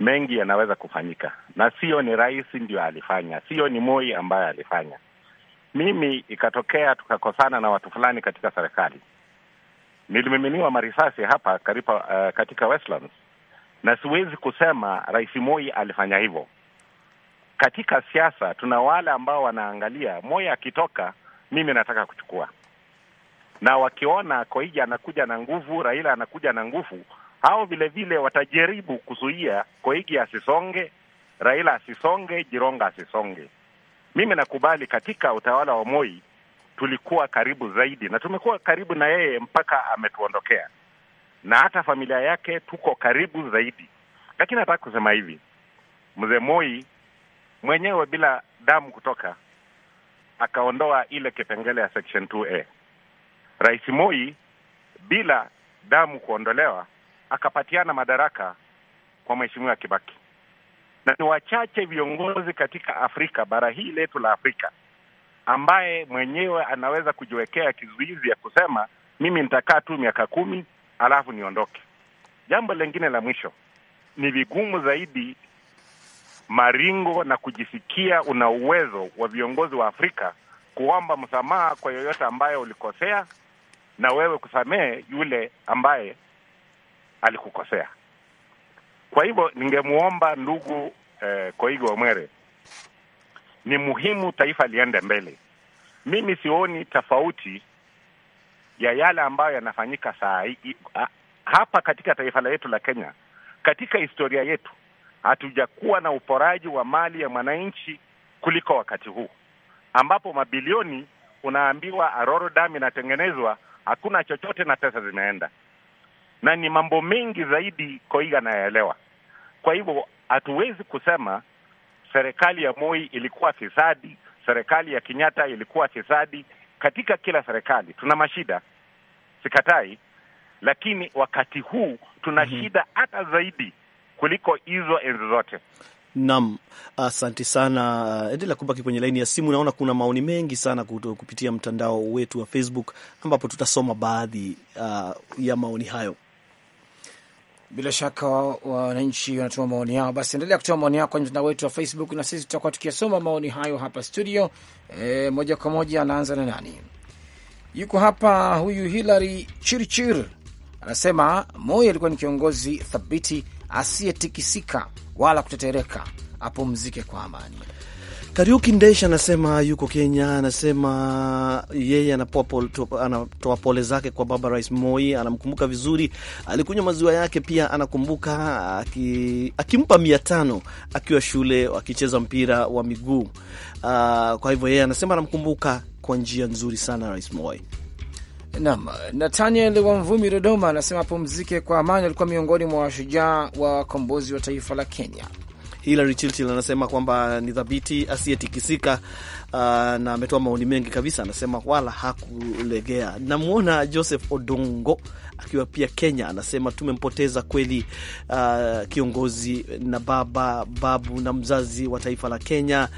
mengi yanaweza kufanyika, na sio ni rais ndio alifanya, sio ni Moi ambaye alifanya. Mimi ikatokea tukakosana na watu fulani katika serikali, nilimiminiwa marisasi hapa karipa, uh, katika Westlands, na siwezi kusema Rais Moi alifanya hivyo. Katika siasa tuna wale ambao wanaangalia Moi akitoka, mimi nataka kuchukua na wakiona Koija anakuja na nguvu, Raila anakuja na nguvu, hao vile vile watajaribu kuzuia Koigi asisonge, Raila asisonge, Jironga asisonge. Mimi nakubali katika utawala wa Moi tulikuwa karibu zaidi, na tumekuwa karibu na yeye mpaka ametuondokea, na hata familia yake tuko karibu zaidi. Lakini nataka kusema hivi, mzee Moi mwenyewe bila damu kutoka akaondoa ile kipengele ya section 2A Rais Moi bila damu kuondolewa akapatiana madaraka kwa mheshimiwa Kibaki, na ni wachache viongozi katika Afrika, bara hii letu la Afrika, ambaye mwenyewe anaweza kujiwekea kizuizi ya kusema mimi nitakaa tu miaka kumi alafu niondoke. Jambo lingine la mwisho, ni vigumu zaidi maringo na kujisikia una uwezo wa viongozi wa Afrika kuomba msamaha kwa yoyote ambayo ulikosea na wewe kusamehe yule ambaye alikukosea. Kwa hivyo ningemwomba ndugu eh, Koigi Wamwere, ni muhimu taifa liende mbele. Mimi sioni tofauti ya yale ambayo yanafanyika saa hii hapa katika taifa letu la Kenya. Katika historia yetu hatujakuwa na uporaji wa mali ya mwananchi kuliko wakati huu ambapo mabilioni, unaambiwa Aroro dam inatengenezwa, hakuna chochote na pesa zimeenda, na ni mambo mengi zaidi Koiga anayeelewa. Kwa hivyo hatuwezi kusema serikali ya Moi ilikuwa fisadi, serikali ya Kenyatta ilikuwa fisadi. Katika kila serikali tuna mashida, sikatai, lakini wakati huu tuna mm -hmm. shida hata zaidi kuliko hizo enzi zote. Nam, asante sana. Endelea kubaki kwenye laini ya simu. Naona kuna maoni mengi sana kutu, kupitia mtandao wetu wa Facebook ambapo tutasoma baadhi uh, ya maoni hayo. Bila shaka wananchi wanatuma maoni yao, basi endelea kutoa maoni yao kwenye mtandao wetu wa Facebook na sisi tutakuwa tukiyasoma maoni hayo hapa studio. E, moja kwa moja anaanza na nani yuko hapa? Huyu Hilary Chirchir anasema Moi alikuwa ni kiongozi thabiti asiyetikisika wala kutetereka, apumzike kwa amani. Kariuki Ndesh anasema yuko Kenya, anasema yeye anatoa pole zake kwa baba Rais Moi, anamkumbuka vizuri, alikunywa maziwa yake. Pia anakumbuka aki, akimpa mia tano akiwa shule akicheza mpira wa miguu. Uh, kwa hivyo yeye anasema anamkumbuka kwa njia nzuri sana Rais Moi. Naam, Nathaniel Wamvumi Dodoma anasema pumzike kwa amani, alikuwa miongoni mwa washujaa wa wakombozi wa taifa la Kenya. Hilary Chilchil anasema kwamba ni thabiti asiyetikisika. Uh, na ametoa maoni mengi kabisa, anasema wala hakulegea. Namwona Joseph Odongo akiwa pia Kenya, anasema tumempoteza kweli, uh, kiongozi na baba babu na mzazi wa taifa la Kenya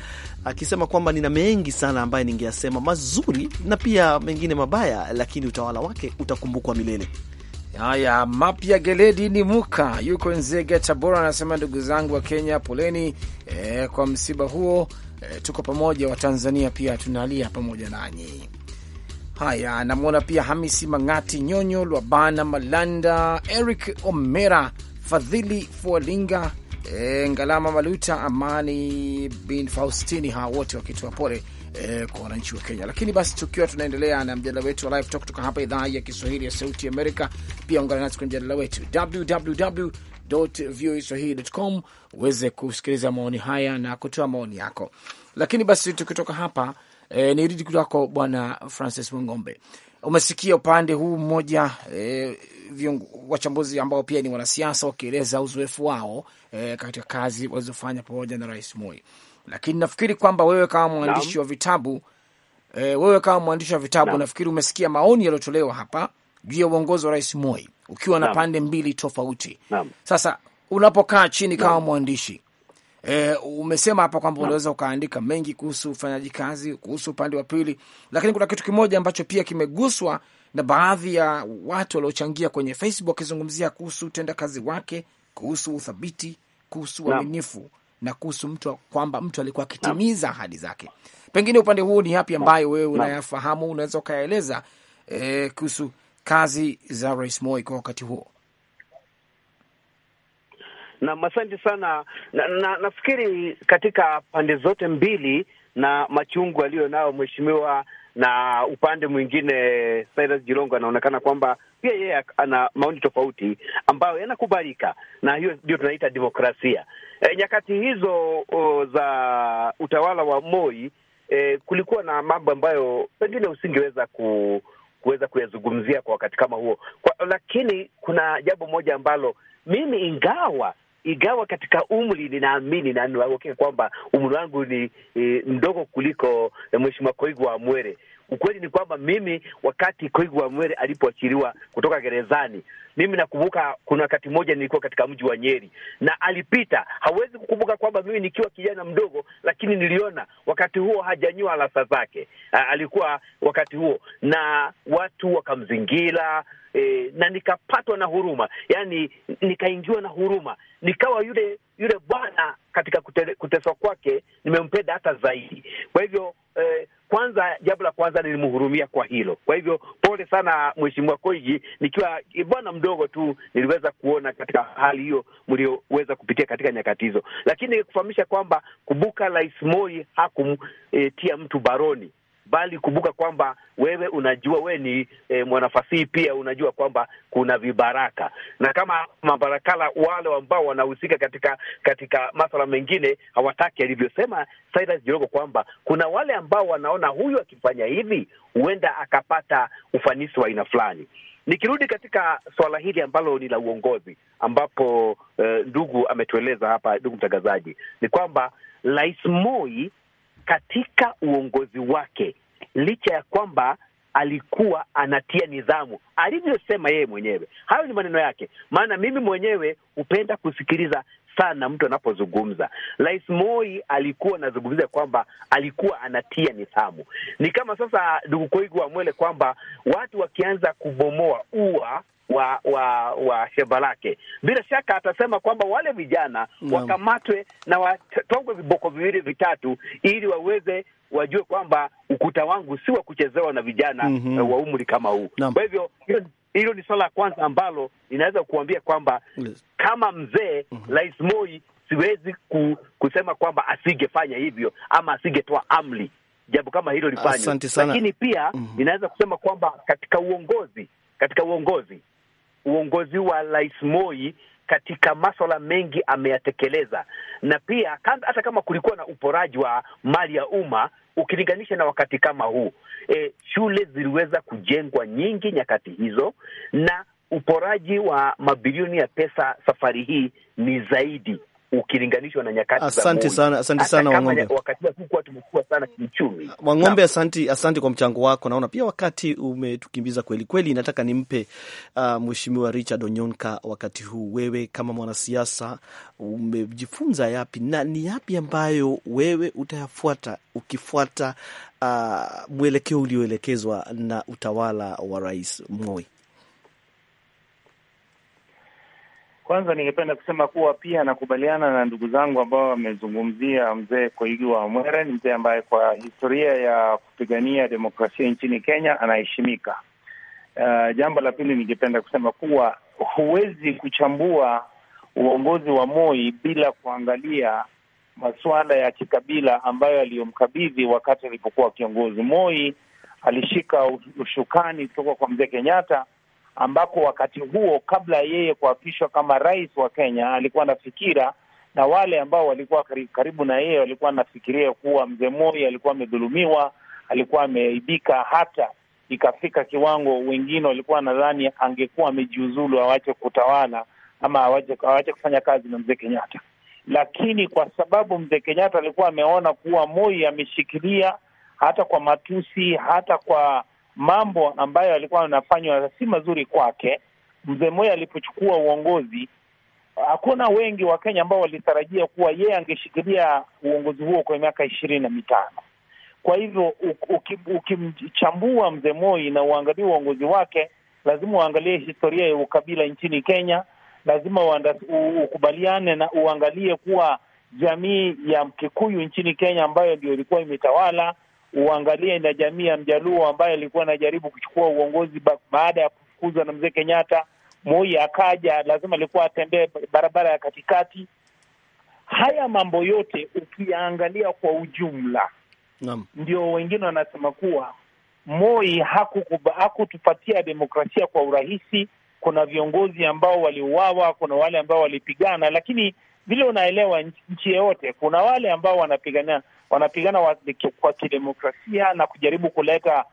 akisema kwamba nina mengi sana ambayo ningeyasema mazuri na pia mengine mabaya, lakini utawala wake utakumbukwa milele. Haya, mapya Geledi ni Muka yuko Nzega, Tabora, anasema ndugu zangu wa Kenya, poleni e, kwa msiba huo. E, tuko pamoja, Watanzania pia tunalia pamoja nanyi. Haya, namwona pia Hamisi Mang'ati, Nyonyo Lwabana, Malanda, Eric Omera, Fadhili Fualinga e, Ngalama Maluta, Amani bin Faustini, hawa wote wakitoa pole e, kwa wananchi wa Kenya. Lakini basi tukiwa tunaendelea na mjadala wetu wa live talk kutoka hapa idhaa ya Kiswahili ya Sauti Amerika, pia ungana nasi kwenye mjadala wetu www voaswahili.com uweze kusikiliza maoni haya na kutoa maoni yako. Lakini basi tukitoka hapa e, eh, nirudi kutoka kwa Bwana Francis Wangombe, umesikia upande huu mmoja e, wachambuzi ambao pia ni wanasiasa wakieleza uzoefu wao e, katika kazi walizofanya pamoja na Rais Moi. Lakini nafikiri kwamba wewe kama mwandishi wa vitabu e, wewe kama mwandishi wa vitabu Naam. nafikiri umesikia maoni yaliyotolewa hapa juu ya uongozi wa Rais Moi ukiwa na pande mbili tofauti. Naam. Sasa unapokaa chini Naam. kama mwandishi e, umesema hapa kwamba unaweza ukaandika mengi kuhusu ufanyaji kazi, kuhusu upande wa pili, lakini kuna kitu kimoja ambacho pia kimeguswa na baadhi ya watu waliochangia kwenye Facebook wakizungumzia kuhusu utendakazi wake, kuhusu uthabiti, kuhusu uaminifu na kuhusu mtu kwamba mtu alikuwa akitimiza ahadi zake. Pengine upande huu ni yapi ambayo wewe unayafahamu, unaweza ukayaeleza eh, kuhusu kazi za Rais Moi kwa wakati huo? nam asante sana na, na, nafikiri katika pande zote mbili na machungu aliyo nayo mheshimiwa na upande mwingine Cyrus Jirongo anaonekana kwamba pia yeye ana maoni tofauti ambayo yanakubalika, na hiyo ndio tunaita demokrasia. E, nyakati hizo o, za utawala wa Moi e, kulikuwa na mambo ambayo pengine usingeweza ku, kuweza kuyazungumzia kwa wakati kama huo kwa, lakini kuna jambo moja ambalo mimi ingawa ingawa katika umri ninaamini na ninauhakika kwamba umri wangu ni e, mdogo kuliko eh, Mheshimiwa Koigu wa Mwere, Ukweli ni kwamba mimi wakati Koigi wa Mwere alipoachiliwa kutoka gerezani, mimi nakumbuka kuna wakati mmoja nilikuwa katika mji wa Nyeri na alipita. Hawezi kukumbuka kwamba mimi nikiwa kijana mdogo, lakini niliona wakati huo hajanyua alasa zake. alikuwa wakati huo na watu wakamzingira e, na nikapatwa na huruma, yani nikaingiwa na huruma, nikawa yule yule bwana katika kuteswa kwake nimempenda hata zaidi. Kwa hivyo eh, kwanza, jambo la kwanza nilimhurumia kwa hilo. Kwa hivyo pole sana Mheshimiwa Koigi, nikiwa bwana mdogo tu niliweza kuona katika hali hiyo mlioweza kupitia katika nyakati hizo, lakini kufahamisha kwamba kumbuka, Rais Moi hakumtia e, mtu baroni bali kumbuka kwamba wewe unajua wewe ni e, mwanafasihi pia unajua kwamba kuna vibaraka, na kama mabarakala wale ambao wanahusika katika katika masala mengine hawataki, alivyosema Cyrus Jirogo kwamba kuna wale ambao wanaona huyu akifanya hivi huenda akapata ufanisi wa aina fulani. Nikirudi katika suala hili ambalo ni la uongozi, ambapo eh, ndugu ametueleza hapa, ndugu mtangazaji, ni kwamba Rais Moi katika uongozi wake licha ya kwamba alikuwa anatia nidhamu alivyosema yeye mwenyewe. Hayo ni maneno yake, maana mimi mwenyewe hupenda kusikiliza sana mtu anapozungumza. Rais Moi alikuwa anazungumzia kwamba alikuwa anatia nidhamu. Ni kama sasa ndugu Koigi wa Mwele kwamba watu wakianza kubomoa ua wa wa wa Shebalake. lake. Bila shaka atasema kwamba wale vijana no. wakamatwe na watongwe viboko viwili vitatu, ili waweze wajue kwamba ukuta wangu si wa kuchezewa na vijana mm -hmm. wa umri kama huu no. kwa hivyo hilo ni swala la kwanza ambalo inaweza kuambia kwamba yes. kama mzee mm -hmm. Rais Moi siwezi ku, kusema kwamba asingefanya hivyo ama asingetoa amri jambo kama hilo lifanywe, lakini pia mm -hmm. inaweza kusema kwamba katika uongozi katika uongozi uongozi wa Rais Moi katika maswala mengi ameyatekeleza, na pia hata kama kulikuwa na uporaji wa mali ya umma ukilinganisha na wakati kama huu e, shule ziliweza kujengwa nyingi nyakati hizo, na uporaji wa mabilioni ya pesa safari hii ni zaidi ukilinganishwa na nyakati asante za asante sana, asante sana Wang'ombe, wakati hatukuwa tumekuwa sana kiuchumi. Wang'ombe, asante, asante kwa mchango wako. Naona pia wakati umetukimbiza kweli kweli. Nataka nimpe uh, mheshimiwa Richard Onyonka wakati huu, wewe kama mwanasiasa umejifunza yapi na ni yapi ambayo wewe utayafuata ukifuata uh, mwelekeo ulioelekezwa na utawala wa Rais Moi? Kwanza ningependa kusema kuwa pia nakubaliana na ndugu zangu ambao wamezungumzia mzee Koigi wa Mwere. Ni mzee ambaye kwa historia ya kupigania demokrasia nchini Kenya anaheshimika. Uh, jambo la pili ningependa kusema kuwa huwezi kuchambua uongozi wa Moi bila kuangalia masuala ya kikabila ambayo aliyomkabidhi wakati alipokuwa kiongozi. Moi alishika ushukani kutoka kwa mzee Kenyatta ambapo wakati huo kabla yeye kuapishwa kama rais wa Kenya alikuwa na fikira na wale ambao walikuwa karibu na yeye walikuwa anafikiria kuwa mzee Moi alikuwa amedhulumiwa, alikuwa ameibika, hata ikafika kiwango wengine walikuwa nadhani angekuwa amejiuzulu, awache kutawala ama awache kufanya kazi na mzee Kenyatta. Lakini kwa sababu mzee Kenyatta alikuwa ameona kuwa Moi ameshikilia hata kwa matusi, hata kwa mambo ambayo alikuwa anafanywa si mazuri kwake. Mzee Moi alipochukua uongozi, hakuna wengi wa Kenya ambao walitarajia kuwa yeye angeshikilia uongozi huo kwa miaka ishirini na mitano. Kwa hivyo ukimchambua uki mzee Moi na uangalie uongozi wake, lazima uangalie historia ya ukabila nchini Kenya. Lazima uanda, u, ukubaliane na uangalie kuwa jamii ya kikuyu nchini Kenya ambayo ndio ilikuwa imetawala uangalie na jamii ya Mjaluo ambaye alikuwa anajaribu kuchukua uongozi baada ya kufukuzwa na mzee Kenyatta. Moi akaja, lazima alikuwa atembee barabara ya katikati. Haya mambo yote ukiyaangalia kwa ujumla, naam, ndio wengine wanasema kuwa Moi hakutupatia haku demokrasia kwa urahisi. Kuna viongozi ambao waliuawa, kuna wale ambao walipigana, lakini vile unaelewa nchi yeyote, kuna wale ambao wanapigania wanapigana kwa kidemokrasia na kujaribu kuleta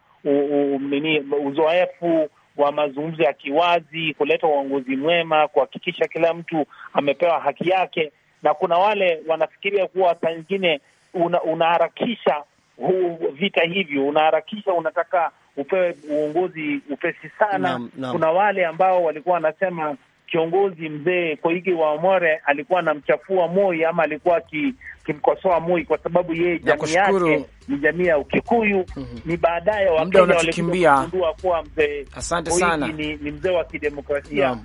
nini uzoefu wa mazungumzo ya kiwazi, kuleta uongozi mwema, kuhakikisha kila mtu amepewa haki yake, na kuna wale wanafikiria kuwa saa nyingine una, unaharakisha huu vita hivyo, unaharakisha, unataka upewe uongozi upesi sana. Naam, naam. Kuna wale ambao walikuwa wanasema kiongozi mzee Koigi wa Omore alikuwa anamchafua Moi ama alikuwa akimkosoa Moi kwa sababu yeye jamii yake ni jamii ya Ukikuyu. Mhm. Ni baadaye Wakenya waligundua kuwa mzee sana ni ni mzee wa kidemokrasia.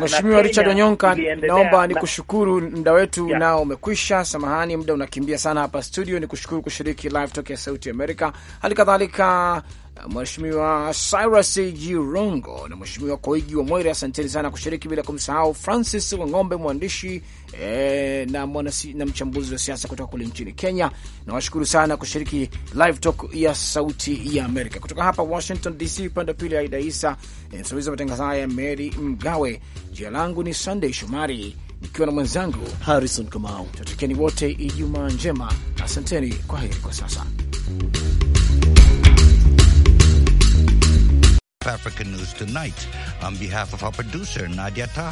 Mheshimiwa Richard Onyonka, naomba ni kushukuru, muda wetu nao umekwisha. Samahani, muda unakimbia sana hapa studio. Ni kushukuru kushiriki live talk ya Sauti Amerika, hali kadhalika Uh, Mheshimiwa Cyrus Jirongo na Mheshimiwa Koigi wa Mwere, asanteni sana kushiriki, bila kumsahau Francis Wang'ombe, mwandishi e, na, mwanasi, na mchambuzi wa siasa kutoka kule nchini Kenya. Nawashukuru sana kushiriki live talk ya Sauti ya Amerika kutoka hapa Washington DC. Upande wa pili Aida Isa, eh, msimamizi wa matangazo haya Mary Mgawe. Jina langu ni Sunday Shomari nikiwa na mwenzangu Harrison Kamau. Tutakieni wote Ijumaa njema, asanteni, kwa heri kwa sasa. African News Tonight. On behalf of our producer, Nadia Taha,